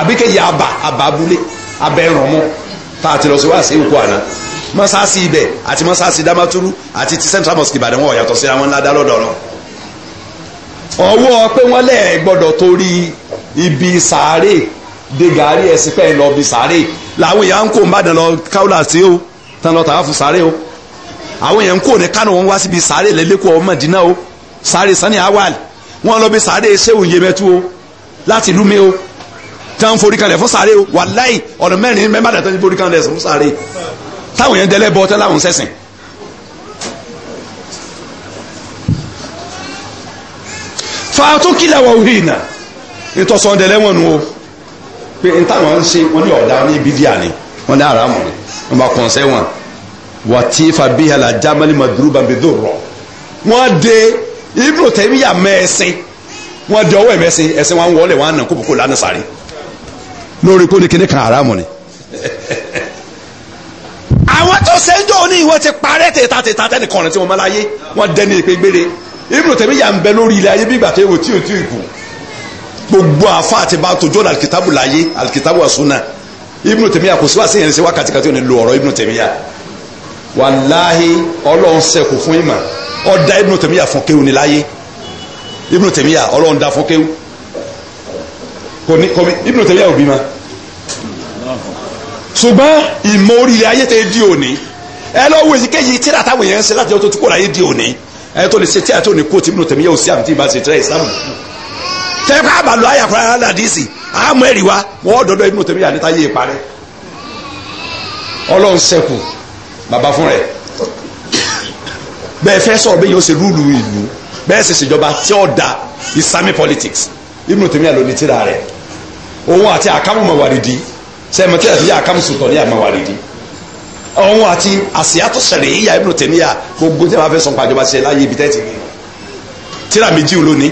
àbíkẹ́yẹ àbà àbà abúlé abẹ́rànmọ́ tá a ti lọ sí wá sí ìkó Damaturu àti ti central mosque Ìbàdàn wọn ò yàtọ̀ sí àwọn ládàá lọ́dọọlọ ọwọ́ pé wọ́n ibi sàárè de gàárì ẹ̀sìn pẹ́ẹ́ lọ ibi sàárè làwọn èèyàn ń kó ń bàdàn lọ káwùlà sí o tán lọ tàwa fún sàárè o àwọn èèyàn ń kó ní kánò wọn wá síbi sàárè lẹ́lẹ́kọ̀ọ́ Mádínà o sàárè sani awal wọn lọ bí sàárè sẹ́wù yemẹtu o láti ìlú mi o tán forí kalẹ̀ fún sàárè o wàláì ọ̀nà mẹ́rin mẹ́mbàdàn tán forí kalẹ̀ fún sàárè táwọn yẹn dẹlẹ́ bọ́ tán láwọn sẹ́sìn. fàtúkìlà wà wíìnà ìtọ́sọ̀ ọ̀dẹ lẹ́wọ̀n nu o pé n táwọn ń ṣe wọn ní ọ̀dà ní bídíà ni wọn ní àràmù ni wọn bá kàn sẹ́wọ̀n wà tí fabihala jamali maduruba bidó rọ wọn de ibùdó tẹ̀míyà mẹ́ẹ̀sìn wọn de ọwọ́ ẹ̀mẹ́sìn ẹ̀sìn wọn wọlé wọn nà kókòkò lánàá sáré lórí kó ní kíní kan àràmù ni àwọn tó ṣe ń jọ ní ìwọ ti parẹ́ tètà tètà tẹnìkan rẹ tí wọn máa láyé wọn dẹni ìpégbére ibùdó tẹ̀míyà ń bẹ lórí ilẹ̀ ayé bí ìgbà tó yẹ wò tí ò gbogbo àfa àti bá tójú ọ̀nà alikitabu láyé alikitabu asuna ibnu tèmíyà kò sí wá sí yẹn sí wákàtí kàtí òní lo ọ̀rọ̀ ibnu tèmíyà wàláhi ọlọ́run sẹ́kù fún ìmọ̀ ọ̀dà ibnu tèmíyà fún kéwù ní láyé ibnu tèmíyà ọlọ́run dá fún kéwù kò ní ibnu tèmíyà ò bí ma ṣùgbọ́n ìmọ̀ orílẹ̀ ayé tẹ́ di òní ẹ lọ́wọ́ èyíkéyìí tíra táwọn èèyàn ń ṣe láti ọjọ́ tó kó láyé di òní ẹ tó lè ṣe tíra tó ní kó tìbínú tèmíyà ò sí àmì tí ì tẹ́fẹ́ àbàlù àyàkùrá aládìsí àmọ́ ẹ̀rí wa wọ́n dọ́dọ́ inú tèmi àdéta yé parẹ́ ọlọ́run sẹ́kù bàbá fún rẹ̀ bẹ́ẹ̀ fẹ́ sọ̀rọ̀ bẹ́ẹ̀ yóò ṣe rúùlù ìlú bẹ́ẹ̀ sì ṣèjọba tí ó da islamic politics inú tèmi àlọ́ ní tíra rẹ̀ òun àti àkàmù mọ̀wárìdì sẹ́mi tí àti àkàmù sùtọ̀ ní àmọ̀wárìdì òun àti àsìyàtọ̀ sẹ̀rẹ̀ ìyá inú tèmi à gbogbo tí a bá fẹ́ sọ pàjọba ṣe láyé ibi tẹ́tì tíra méjì lónìí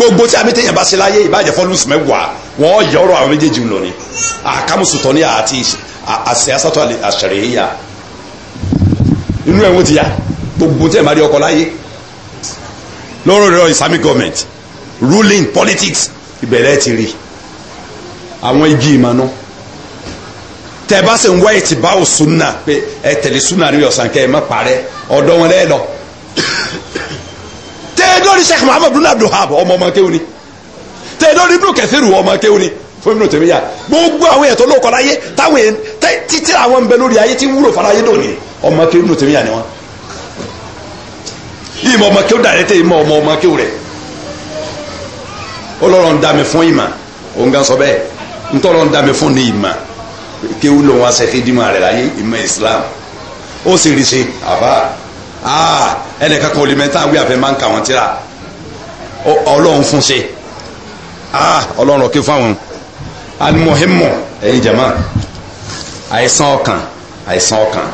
gbogbo tí abẹ́tẹ̀ yẹn bá ṣe láyé ìbàjẹ́ fọ́lùsì mẹ́wàá wọ́n yọ ọ̀rọ̀ àwọn méjèèjì lọ ni àkàmùsù tọ́ ní àti àṣẹ asátọ́ àṣẹrẹ̀ yíya inú ẹ̀wọ̀n ti ya gbogbo tí ẹ̀ máa rí ọkọ̀ láyé lọ́rọ̀ rẹ̀ islamic government ruling politics ìbẹ̀rẹ̀ ti rí àwọn igi ìmọ̀nà tẹ bá sì ń wá ìtìbáwò sunna pé ẹ tẹ̀lé sunna rí ọ̀sán kẹ́ ẹ má parẹ́ ọ̀dọ́ wọn lẹ́ẹ̀ lọ tẹ́ẹ̀dọ́rí sheikh muhammed bin abdul hab ọmọ ọmọ kéwòn ni tẹ́ẹ̀dọ́rí ibùdó kẹfìrù ọmọ kéwòn ni fún ibùdó tèmi yá gbogbo àwọn èèyàn tó lóko láyé táwọn èèyàn títí àwọn ń bẹ lórí ayé tí wúlò fara ayé dòní ọmọ kéwòn ibùdó tèmi yá ni wọn. ìmọ̀ ọmọ kéwòn dàrẹ́ tẹ́ ìmọ̀ ọmọ ọmọ kéwòn rẹ̀ ọlọ́run dá mi fún ìmọ̀ òun gan sọ bẹ́ẹ̀ ntọ́lọ́run dá mi fún ní ìmọ̀ kéwòn lòun aṣẹ́ fídímọ̀ rẹ̀ láyé ìmọ̀ islam ó sì rí ṣe àbá Ah, ẹnìkan kan ò lè mẹ́ta wí àfẹ́ máa ń kà wọ́n tíra ọlọ́run fún ṣe ah, ọlọ́run ọ̀kẹ́ fún àwọn alimọ̀hẹ́mọ̀ ẹ̀yin jama àìsàn ọkàn àìsàn ọkàn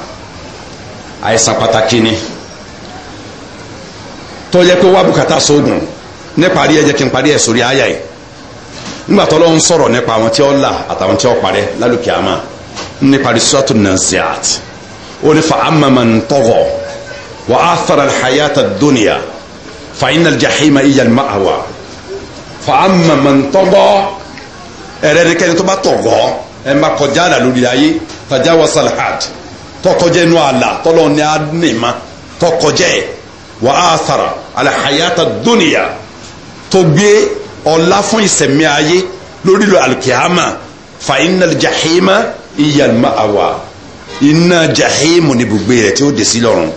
àìsàn pàtàkì ni tó yẹ pé wá bùkátà sóògùn ní parí ẹ kí n parí ẹ̀ sórí àyà yìí nígbà tó lọ́n sọ̀rọ̀ nípa àwọn tí ó là àtàwọn tí ó parẹ́ lálùkìyàmá ní parí sọ́tún náà ziat ó ní fa amamantọ́gọ̀ وآثر الحياة الدنيا فإن الجحيم هي المأوى فأما من طغى ẹ̀rẹ́dẹ́kẹ́ni tó bá tọ̀gọ́ ẹ má kọjá àlà lórí ayé tajáwọ́sá alhad tọkọjẹ́ inú àlà tọ́lọ́ ní ànìmá tọkọjẹ́ wà á sara alhayata dúnìyà tó gbé ọlá fún ìsẹ̀mí ayé lórí lọ alikiyama fa iná jahima iyalma awa iná jahimu ni ibùgbé rẹ̀ tí ó dé sí lọ́run.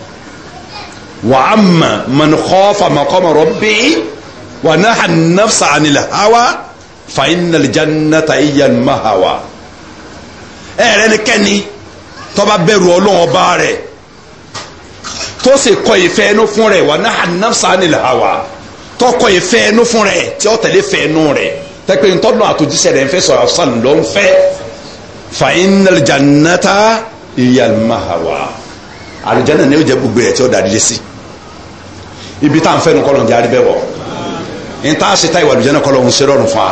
وعما من خاف مقام ربه ونهى النفس عن الهوى فإن الجنة هي المهوى ẹ̀rẹ́ ni kẹ́ni tó bá bẹ̀rù Ọlọ́run Ọba rẹ̀ tó sì kọ̀ ìfẹ́ inú fún rẹ̀ ونهى النفس عن الهوى tó kọ̀ ìfẹ́ inú fún rẹ̀ tí ó tẹ̀lé fẹ́ inú rẹ̀ tẹ́pẹ́ ntọ́nà àtòjíṣẹ́ rẹ̀ ń fẹ́ sọ̀rọ̀ sàn ló ń fẹ́ فإن الجنة هي المهوى ni ó jẹ́ gbogbo ẹ̀ tí ó dàdí lé sí ibi tá à ń fẹ́ nu kọ́lọ̀ ń jẹ́ àríbẹ̀ wọ̀ n tá a ṣe tá ìwà àlùjẹ́ náà kọ́lọ̀ ń ṣe rọrùn fún wa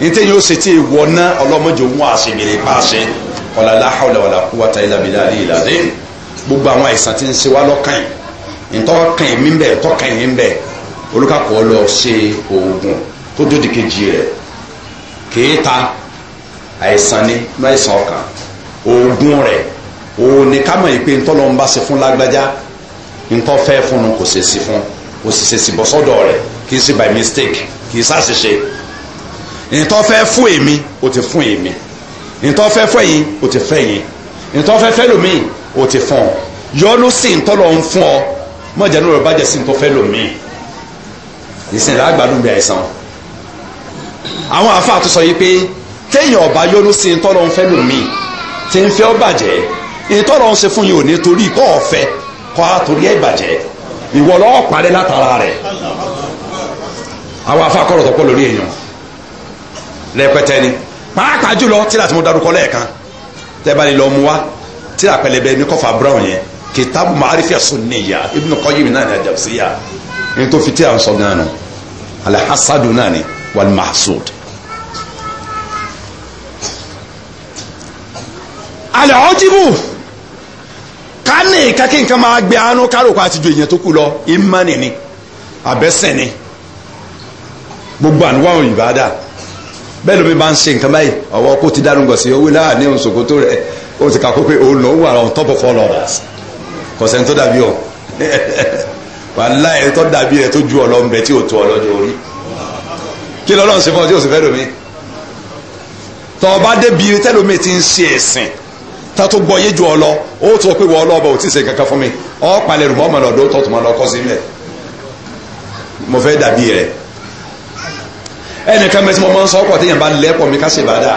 n tẹ́ yóò ṣe tí ì wọ ná ọlọ́mọdé òun wà ṣe gbèrè bá a ṣe wàlá láhàlà wàlá kúwàtà ìlàbílà àlè ìlàdé gbogbo àwọn àìsàn tí ń ṣe wá lọ́kàn yìí ntọ́ kàn mí bẹ́ẹ̀ tọ́ kàn yín bẹ́ẹ̀ olùkàkọ́ lọ ṣe oògùn tó dòdì kejì rẹ̀ kéèta àìsàn ni láìsàn ọkàn oògùn rẹ̀ òun ni ká ntọ́ fẹ́ fún un kò ṣe sí fún kò sì ṣe sí bọ́ sọ́dọ̀ rẹ̀ kì í ṣe by mistake kì í ṣàṣìṣe ntọ́ fẹ́ fún èmi o ti fún èmi ntọ́ fẹ́ fún ẹ̀yin o ti fẹ́ yín ntọ́ fẹ́ fẹ́ lòmíì o ti fún ọ yọnu sí ntọ́ lọ ń fún ọ mọ̀jẹ̀ ní olùbá jẹ́ sí ntọ́ fẹ́ lòmíì ìsìn làgbàdùn bí àìsàn àwọn àáfàá tó sọ yìí pé téèyàn ọba yọnu sí ntọ́ lọ ń fẹ́ lòmíì tí ń fẹ́ ọ bàjẹ́ ntọ́ lọ ń ṣe fún yín ò ní torí kọ́ ọ̀fẹ́ kọ́ àtòrí ẹ̀ bàjẹ́ ìwọ lọ́wọ́ parẹ́ látara rẹ̀ àwọn afákọ̀rọ̀ tó pọ̀ lórí èèyàn lẹ́pẹ́tẹ́ ni pàápàá jùlọ tí láti mo darúkọ lẹ́ẹ̀kan tẹ́ bá lè lọ mu wá tí àpẹlẹbẹ ní kọfà brown yẹn kìtàbù ma'arifi sunniya Ibn Qayyim náà ní àjàbùsíyà ní tó fi tí a ń sọ náà nù alhassadu náà ni wal mahsud alẹ́ ọ́ jìbù ká ní ìkákí nǹkan máa gbé àánú káròkó àtijọ́ èèyàn tó kù lọ ìmánì ni àbẹ́sẹ̀ ni gbogbo àníwá òyìnbá dà bẹ́ẹ̀ ló bí bá ń ṣe nǹkan báyìí ọ̀wọ́ kó ti dánú gbọ̀nsẹ̀ owó náà ní oṣù rẹ̀ ó ti kà pé òun lòún wà on top of all others kọ̀sẹ̀ tó dàbí ọ̀ wàláhì tó dàbí rẹ̀ tó ju ọ̀lọ́ ń bẹ tí ò tó ọlọ́jọ́ orí kí lọ́lọ́run ṣe fún tí ò sì fẹ́ lómi tọ́ ọ bá débi tẹ́lómi ti ń ṣe ẹ̀sìn tá tó gbọ́ yé ju ọ lọ ó tó pé wọ́n ọlọ́ọ̀bọ ò tí ì ṣe kankan fún mi ọ́ palẹ̀ rùmọ́ ọmọ lọ́dọ̀ tó tó máa lọ kọ́ sí ilẹ̀ mo fẹ́ dàbí rẹ̀ ẹnìkan mẹ́sí mo máa ń sọ ọkọ̀ téèyàn bá lẹ́pọ̀ mi ká ṣe ìbádà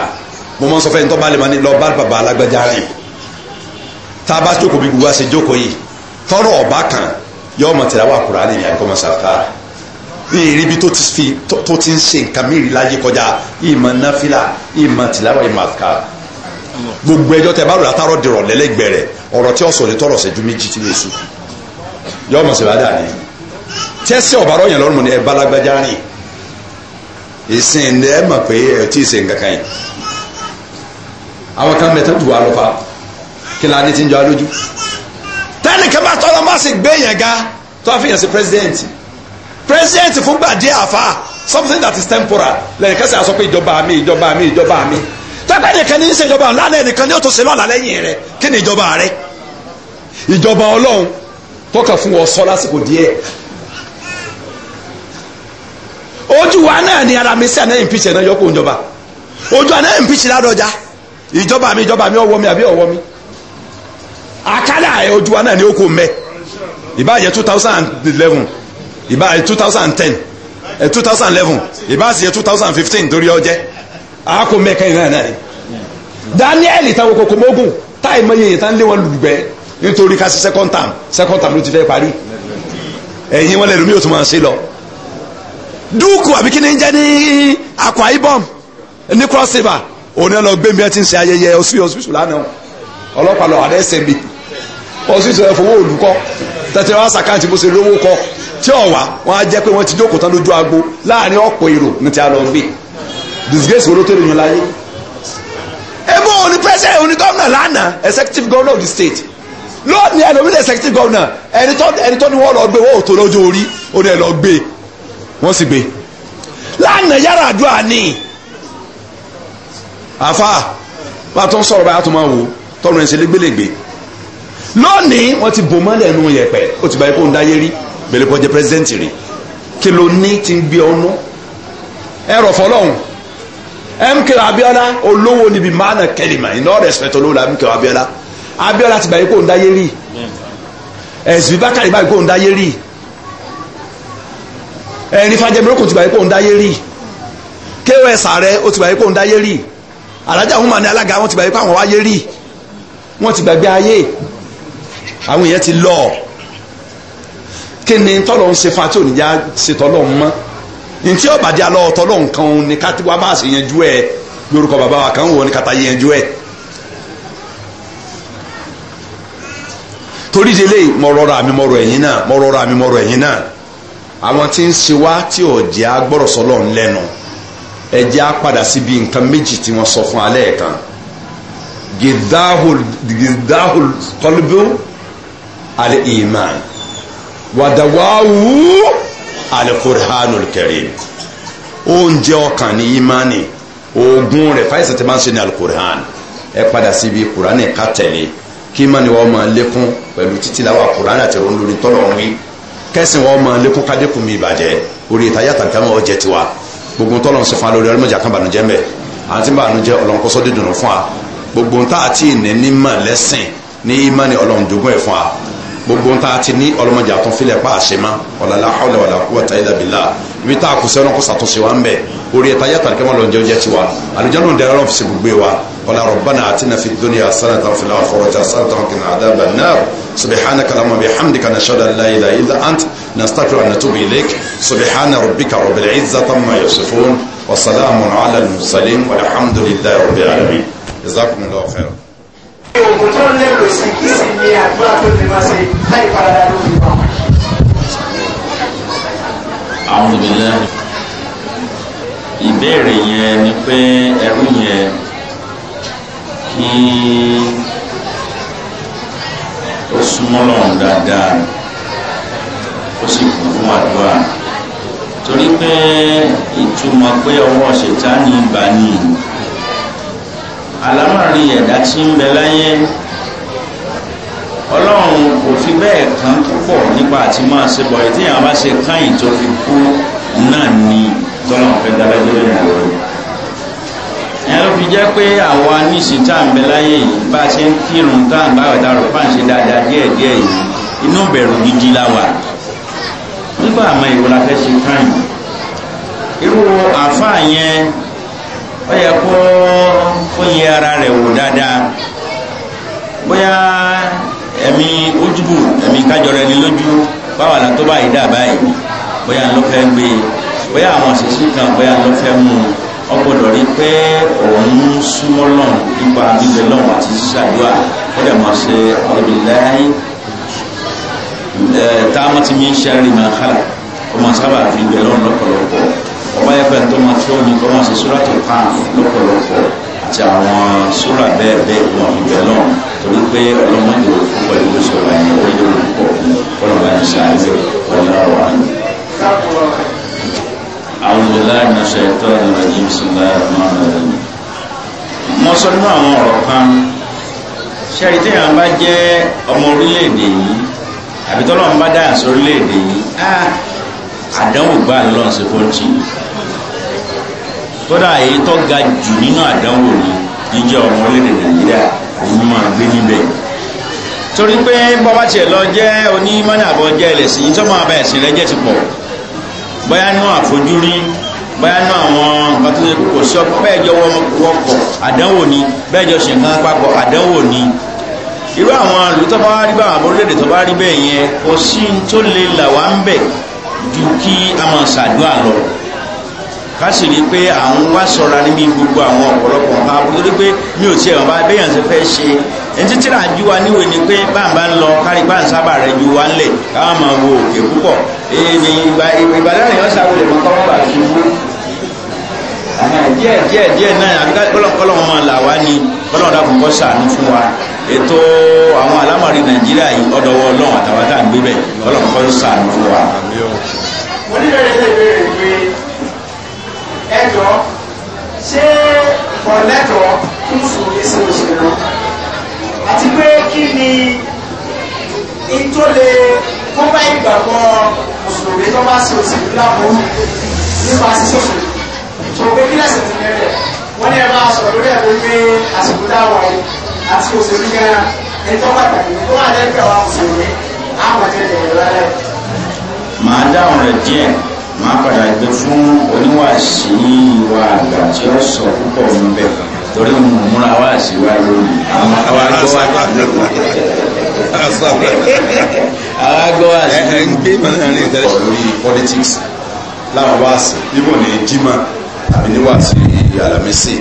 mo máa ń sọ fẹ́ni tó bá lè máa ní lọ bá bàbá alágbájá rìn tá a bá jókòó bí gbogbo àṣẹ jókòó yìí tọrọ ọba kan yọ ìmọ̀ náfìlà ìmọ̀ tìláwà gbogbo ẹjọ́ tẹ bá rò látàrọ̀ dìrọ̀ lẹ́lẹ́gbẹ̀ẹ́ rẹ̀ ọ̀rọ̀ tí ọ̀sọ̀ lè tọrọ̀ ṣẹ́jú méjì tí lè sùn yọ ọmọ sì bá dà ní tẹ́sí ọ̀bárọ̀ yẹn lọ́rùn ní ẹ̀bá lágbájá rìn ìsìn ẹ̀ mọ̀ pé ẹ̀ tí ì ṣe nǹkan kan yìí àwọn kan mẹ́tọ́ jù wá lọ fa kí la ní ti ń jọ alójú tẹ́nìkan bá tọ́lọ́ má sì gbé yẹn ga tó a fi yàn sí pírẹsidẹ́ǹtì pírẹsidẹ́ǹtì fúngbà díẹ̀ àfa something that is temporal lẹ́yìn kẹsàn-án sọ pé ìjọba mi ìjọba mi ìjọba mi tẹ́pẹ́ nìkan ní í ṣe ìjọba ńlá náà nìkan ní ó tó lẹ́yìn rẹ̀ kí ni ìjọba rẹ̀ ìjọba ọlọ́run tọ́ka fún wọn sọ lásìkò díẹ̀ ojú wa náà ni ara mi sí àná ìmpíṣì ẹ̀ náà yọkọ̀ òǹjọba ojú àná ìmpíṣì ládọjà ìjọba mi ìjọba mi ọwọ́ mi àbí ọwọ́ mi àkàlà ẹ̀ ojú wa náà ni ó kò mẹ́ ìbáyẹ two thousand eleven ìbáyẹ two thousand ten two thousand eleven ìbáyẹ two thousand fifteen torí ọjẹ́ àákò mẹ́ka ìlànà náà ni Daniel táwọn kòkò mọ́gùn táì mọ́ yẹn tán lé wọn lùgbẹ́ nítorí ká second term second term ló ti fẹ́ parí ẹ̀yin wọn lẹ́nu mi ò tún máa ṣe lọ. dúkù àbí kí ni ń jẹ́ ní Akwa Ibom ní Cross River òun náà lọ gbé mi ẹ ti ń ṣe ayẹyẹ ọsibítù lánàá ọlọ́pàá lọ àdé ẹsẹ̀ mi ọsibítù ẹ fowó olùkọ́ tẹ̀tẹ̀ wá sàkáǹtì bó ṣe lówó kọ tí ọ̀wà wọn á jẹ́ pé wọ́n ti jókòó tán lójú agbo disgrace wo ló tó lèyàn láyé ebo òní president òní gómìnà lánàá executive governor of the state lónìí ẹlòmíì executive governor ẹni tó ẹni tó ni wọ́n lọ gbé wọ́n ò tó lọ́jọ́ orí ó dẹ̀ lọ gbé wọ́n sì gbé lánàá yàrá àdúrà ni àfa bá a tó ń sọ̀rọ̀ báyà tó máa wò tọ́nu ẹ̀sìn lẹ́gbẹ̀lẹ́gbẹ̀ lónìí wọ́n ti bò mọ́lẹ̀ ẹnu yẹ̀pẹ̀ ó ti báyìí kó ń dáyé rí bẹ̀lẹ́kọ́ jẹ́ president rí kí ló ní ti ń gbé ọ́nú ẹ̀rọ fọlọ́hún MK Abiola olówó ni bí maana kẹlìmà in all respect olówó la MK Abiola Abiola ti báyìí kó ń dáyé rí ẹ̀sùn Bákàrè báyìí kó ń dáyé rí ẹ̀rin fàjẹmìlókùn ti báyìí kó ń dáyé rí KOS ààrẹ O ti báyìí kó ń dáyé rí alájà húnmà ní alága wọn ti báyìí kó àwọn wáyé rí wọn ti gbàgbé ayé àwọn èèyàn ti lọ kí ni tọ́lọ́ ń ṣe fa tí ò ní já ṣe tọ́lọ́ mọ́ ntí ọ̀bàdí alọ́ ọ̀tọ́ lọ́hùn kan ní kátí wá bá a sì yanjú ẹ̀ lórúkọ bàbá wa kan wọ̀ ní kátà yanjú ẹ̀. torí délé mo rọra mi mo rọ ẹ̀yin náà mo rọra mi mo rọ ẹ̀yin náà àwọn tí ń ṣe wá tí ò jẹ́ agbọ́rọ̀sọ́lọ̀ ńlẹ́nu ẹ á padà síbi nǹkan méjì tí wọ́n sọ fún alẹ́ kan gidahul kọlbí al-iman wàdàwáwù alukur'anul karim oúnjẹ ọkàn ní imani oògùn rẹ̀ fàyẹsẹ tí máa ń ṣe ní alukur'an ẹ padà síbi kur'ani ká tẹ̀lé kí imani wa máa lékún pẹ̀lú títí làwọn kur'ani àti ronú lórí tọ́lọ̀ ń wí kẹsìn wa máa lékún kádékùn mi ìbàjẹ́ orí ìtajà tàbí káwọn ọjẹ tiwa gbogbo tọ́lọ̀ ń sọ fún alórí ọlọ́mọdé àkànbànújẹ́ mẹ́ àti bànújẹ́ ọlọ́nkọ́sọ́dé dùnú fún wa gbogbo ntá àti ìnẹ́ ní mọ̀ ní imani ọlọ́run jogún ẹ̀ fún wa gbogbo nta ti ní ọlọmọdé àtúnfilẹ pa àṣemá ọlọlá hawlẹ wàlá kúwàtà ilà bìlà ibi tá a kù sẹ́wọ́n kó sàtúnṣe wa ń bẹ̀ orí ẹ̀ta yàtà ní kẹ́mọ́ lọ́njẹ́ oúnjẹ tiwa àlùjáde ń dẹrẹ́ lọ́fíìsì gbogbo wa ọlọ rọ̀bánà àti nàfi dúnìyà sanata fìlà àfọwọ́jà sanata kìnnà àdàbà náà subahana kalama bi hamdika na shada layla ila ant na stakir wa natubu ilik subahana rabbika rabbil izzati ma yasifun wa salamun ala al wa alhamdulillahi rabbil alamin jazakumullahu khairan oògùn tó lérò sí kí sì ní àdúrà tó lè máa ṣe láì parada lórí wa. àwọn ìbílẹ̀ ìbéèrè yẹn ni pé ẹrú yẹn kí ó súnmọ́ lọ́rùn dáadáa ó sì kún fún àdúrà torí pé ìtumọ̀ pé ọwọ́ ṣètá ní ìbá àlámàrí ẹ̀dá tí ń bẹ láyé ọlọ́run kò fi bẹ́ẹ̀ kán púpọ̀ nípa àti máa ṣe bọ̀ èyí tí àwọn bá ṣe káyìn tó fi kú náà ni tọ́lọ́run fẹ́ dábẹ́jọ́ lẹ́yìn àwọn ẹ̀rọ fi jẹ́ pé àwa níṣìí tá à ń bẹ láyé yìí bá a ṣe ń kírun tá à ń bá ọ̀dà rò bá ń ṣe dáadáa díẹ̀díẹ̀ yìí inú bẹ̀rù gidi la wà nígbà àmọ́ ìwòlá fẹ́ ṣe káyìn irú àfáà yẹn ó yẹ kó ó yẹ ara rẹ̀ wò dáadáa bóyá ẹ̀mí ojúbù ẹ̀mí kájọ rẹ̀ ní lójú báwa la tó báyìí dà báyìí bóyá ló fẹ́ gbé bóyá àwọn àṣìṣe kan bóyá ló fẹ́ mú ọ gbọ́dọ̀ rí pé òun súnmọ́ lọ́n nípa gbígbẹ lọ́n àti ṣíṣàdúrà ó dẹ̀ mọ̀ ṣe ọ̀rẹ́bí láyé táwọn ti mi ń ṣe àrìmọ̀ àkàlà ó mọ̀ sábà fi gbẹ lọ́n lọ́pọ̀lọpọ̀ ọba yẹ pẹ́ẹ́n tó máa tó ní kó máa ṣe súrà tó kàn lọ́pọ̀lọpọ̀ àti àwọn súrà bẹ́ẹ̀ bẹ́ẹ̀ wọn ìbẹ̀ náà torí pé ọlọ́mọdé òkú pẹ̀lú ìṣọ̀rọ̀ yẹn ó yẹ olùkọ́ fọlọ́ba yẹn ṣáájú ọ̀la wà ní. àwọn ìlà ìnáṣẹ́ tó ẹ̀rọ yìí ń sùn láàrín máa ń rẹ̀ mọ́ sọ nínú àwọn ọ̀rọ̀ kan ṣe àìtẹ́yà bá jẹ́ ọmọ orílẹ̀-èdè yìí àbítọ́lọ́mọba dáhà sórílẹ̀-èdè yìí ah, àdánwò gbá lọ́n ṣe fọ́ọ̀tì kódà èyí tó ga jù nínú àdánwò ni jíjẹ́ ọmọ orílẹ̀-èdè nàìjíríà òun máa gbé níbẹ̀ torí pé bọ́bá tiẹ̀ lọ jẹ́ onímọ̀nà àbọ̀ jẹ́ ẹlẹ́sìn yìí tó máa bá ẹ̀sìn rẹ jẹ́ ti pọ̀ bóyá nú àfojúrí bóyá nú àwọn nǹkan tó ṣe kò sí ọkọ bẹ́ẹ̀ jọ wọkọ̀ àdánwò ni bẹ́ẹ̀ jọ ṣe nǹkan papọ̀ àdánwò ni irú àwọn àlùtọ́ bá rí bá àwọn orílẹ̀-èdè tó bá rí bẹ́ẹ̀ yẹn kò sí tó lè là ń bẹ̀ ju kí a máa ṣàdúrà lọ ká sì rí i pé àwọn wá sọra níbi gbogbo àwọn ọ̀pọ̀lọpọ̀ nǹkan àbúrò pé mi ò tiẹ̀ bá béèyàn ti fẹ́ ṣe ẹni títí rà ju wa níwèé ni pé báńbá ń lọ kárí bá ń sábà rẹ ju wa ńlẹ̀ káwọn máa wo òkè púpọ̀ èmi ìbàdàn èèyàn ṣàwọlẹ̀ mọ́ kọ́ bá ṣubú díẹ̀ díẹ̀ díẹ̀ náà àbíká kọ́lọ́kọ́lọ́ wọn máa là wá ní kọ́lọ́wọ́n dàpọ̀ kọ́ sàánú fún wa ètò àwọn alámọ̀rin nàìjíríà yìí ọ̀dọ̀wọ́ ọlọ́run àtàwọn tá à ọlọ́run kọ́ ń sàánú fún wa. mo ní bẹ̀rẹ̀ ṣe ìbéèrè pé ẹjọ́ ṣé ọ̀lẹ́tọ̀ kí mùsùlùmí ṣe òṣèlú àti pé kí ni tó lè kó bá ìgbàgbọ́ mùsùlùmí tó bá ṣe òṣèlú láàbò nípa ṣíṣe òṣèlú tó gbé kí lẹ́sìn ti bẹ̀rẹ̀ wọ́n ní ẹ máa sọ̀rọ̀ lórí ẹ̀rọ pé àṣìkò dáwọ̀ àti òṣèlú gan-an tó pàtàkì tó wà lẹ́gbẹ̀ẹ́ wa mùsùlùmí màá dáhùn rẹ̀ díẹ̀ màá padà gbé fún oníwàásí wa àgbà tí ó sọ púpọ̀ níbẹ̀ torí mo múra wá sí wa lónìí àwọn agbọ́ wa àwọn wa sí ẹ lórí politics láwọn wá sí níbo ní jimá tàbí níwà sí alamisi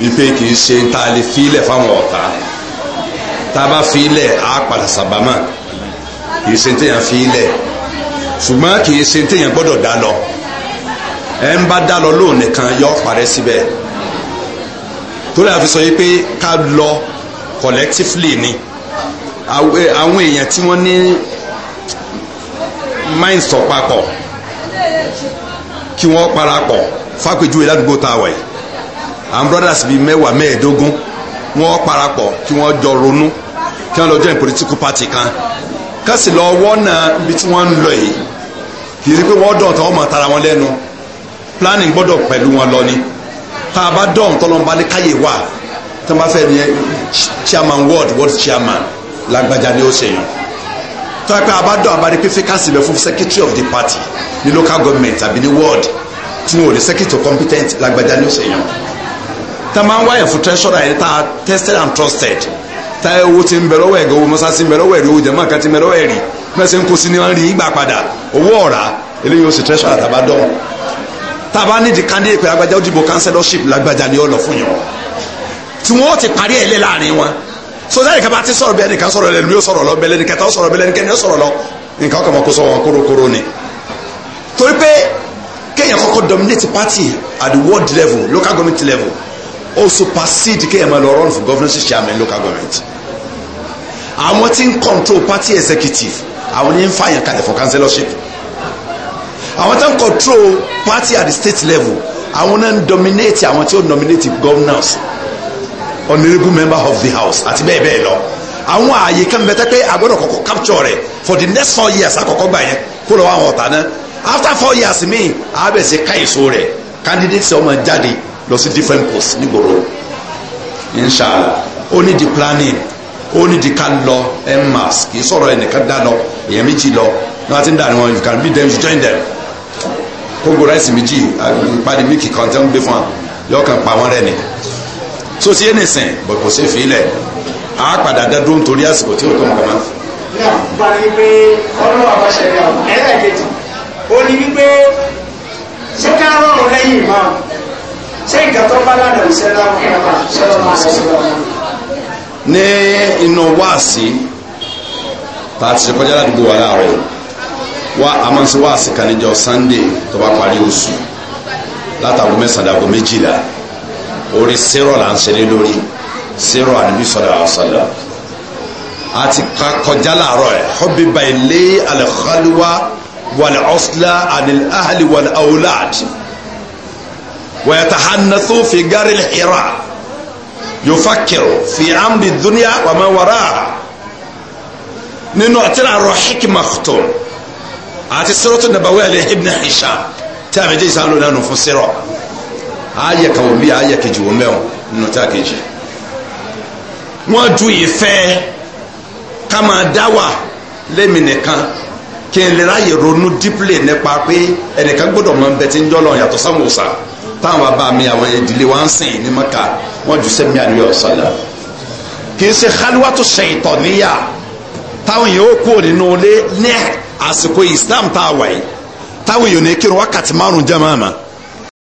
wípé kì í ṣe ta lè fi ilẹ̀ fáwọn ọ̀tá tá a bá fi ilẹ̀ á padà sábàmọ́ kì í ṣe téèyàn fi lẹ̀ ṣùgbọ́n kì í ṣe téèyàn gbọ́dọ̀ dá lọ ẹ̀ ń bá dá lọ lóun nìkan yọ parẹ́ síbẹ̀ torí àfi sọ yìí pé ká lọ collectively ni eh, àwọn èèyàn tí wọ́n ní mind sọ papọ̀ kí wọ́n parapọ̀ fápèjúwe ládùúgbò tá a wà yìí àwọn brothers bíi mẹ́wàá mẹ́ẹ̀ẹ́dógún wọ́n parapọ̀ kí wọ́n jọ ronú kí wọ́n lọ join political party kan kásì lọ wọ́nà ibi tí wọ́n ń lọ yìí kì í ṣe pé wọ́n dọ̀tàn wọ́n mọ̀ tara wọn lẹ́nu planning gbọ́dọ̀ pẹ̀lú wọn lọ ni tá a bá dọ̀n tọ́lọ́mọba ní káyè wà tó ni chairman world world chairman lágbájá ni ó ṣe yàn tó yẹ pé a bá dọ̀n abáde pé fíkàsì secretary of the party ní local government àbí ní world tí wọn ò ní secretary competent lágbájá ni ó ṣe yàn tá a máa ń wáyà treasurer yẹn tá tested and trusted táyà owó ti ń bẹ lọ́wọ́ ẹ̀gẹ́ owó mọ́sáàsì ń bẹ lọ́wọ́ ẹ̀rí owó jẹ̀mọ́ kan ti ń bẹ lọ́wọ́ ẹ̀rí mẹ́sẹ̀ ń kó sí ni wọ́n rí ìgbà padà owó ọ̀rá eléyìí ó sì tẹ́sán àtàbá dọ́wọ́ tábà nídìí candidate pé agbájá ó dìbò councillorship lágbájá ni ó lọ fún yàn tí wọ́n ti parí ẹ̀ lé láàrin wọn sọdá nìkan bá ti sọ̀rọ̀ bẹ́ẹ̀ nìkan sọ̀rọ̀ lẹ́nu yóò sọ̀rọ̀ lọ bẹ́ẹ̀ nìkan tó sọ̀rọ̀ bẹ́ẹ̀ nìkan yóò sọ̀rọ̀ lọ nǹkan ọkọ̀ máa kó sọ wọn kórokóró ni torí pé kéèyàn kọ́kọ́ dominate party at the world level local government level ó supersede kéèyàn máa lọ run for governance chairman local government àwọn tí ń control party executive àwọn ní ń fàyàn kalẹ̀ for councillorship àwọn tí ń control party at the state level àwọn náà ń dominate àwọn tí ó nominate governors honourable member of the house àti bẹ́ẹ̀ bẹ́ẹ̀ lọ àwọn ààyè kan bẹ tẹ́tẹ́ agbọ́dọ̀ kọ́kọ́ capture rẹ̀ for the next four years àkọ́kọ́ gbà yẹn kó lọ́wọ́ àwọn ọ̀tá náà after four years mi àbẹ̀sẹ̀ káyìísó rẹ̀ candidate ọmọ jáde lọ sí different post nígboro inshallah ó ní di planning ó ní di ká lọ en masse kì í sọ̀rọ̀ ẹnìkan dá lọ èèyàn méjì lọ ní ti ń dà wọn you can meet them you join them kóńgò ráìsì méjì ìpàdé mílìkì kan tẹ́ ń gbé fún wa yóò kàn pa wọ́n rẹ̀ ni tó ti yé nìsín bọ̀ kò sí ìfilẹ̀ á padà dá dúró nítorí àsìkò tí ò tó nǹkan mọ́. náà bá a ní pé ọlọ́wọ́ àbáṣẹ́rẹ́ ọ̀hún ẹlẹ́ẹ̀kejì ó ní wípé ṣé ká rọrùn lẹ́yìn ìmọ̀ ṣé nǹkan tó bá lánàá ìṣẹ́lá mọ̀ọ́mà ṣọlá máa ṣe lọ. ní inú wáàsí tá a ti ṣe kọjá ládùúgbò wa láàárọ̀ wá a máa ń ṣe wáàsí kan níjọ sunday tó bá parí oṣù látàgò mẹ́sàn-án dàgò méjìlá orí sẹ́rọ̀ là ń ṣe lé lórí a ti kọjá láàárọ̀ ẹ̀ hubbi bayli al-khalwa wal-usla anil ahli wal-awlad. ويتحنث في جار الحراء يفكر في امر الدنيا وما وراءها nínú àtẹ́rà àrọ̀ hikima tó àti sọ́rọ́tò nàbàwẹ́ àlẹ́ ibn hisham tí a méjèèjì sá lónìí ànú fún sírọ̀ ààyè kan wọ́n bí ààyè kejì wọ́n mẹ́wọ̀n nínú tí a kejì wọ́n ju ìfẹ́ ká máa dá wà lémi nìkan kí n lè ráyè ronú dípìlì nípa pé ẹnìkan gbọ́dọ̀ máa ń bẹ tí ń jọ́ lọ yàtọ̀ sáwọn òòsàn táwọn bàbá mi àwọn ìdílé wa ń sìn ní maka wọ́n jù sẹ́mi àdúyọ̀ sọ̀lá kì í ṣe khalwatu ṣaitaniya táwọn yẹn ó kúrò nínú ilé ní àsìkò Islam tá a wà yìí táwọn yẹn ò ní kírun wákàtí márùn jẹ́ máa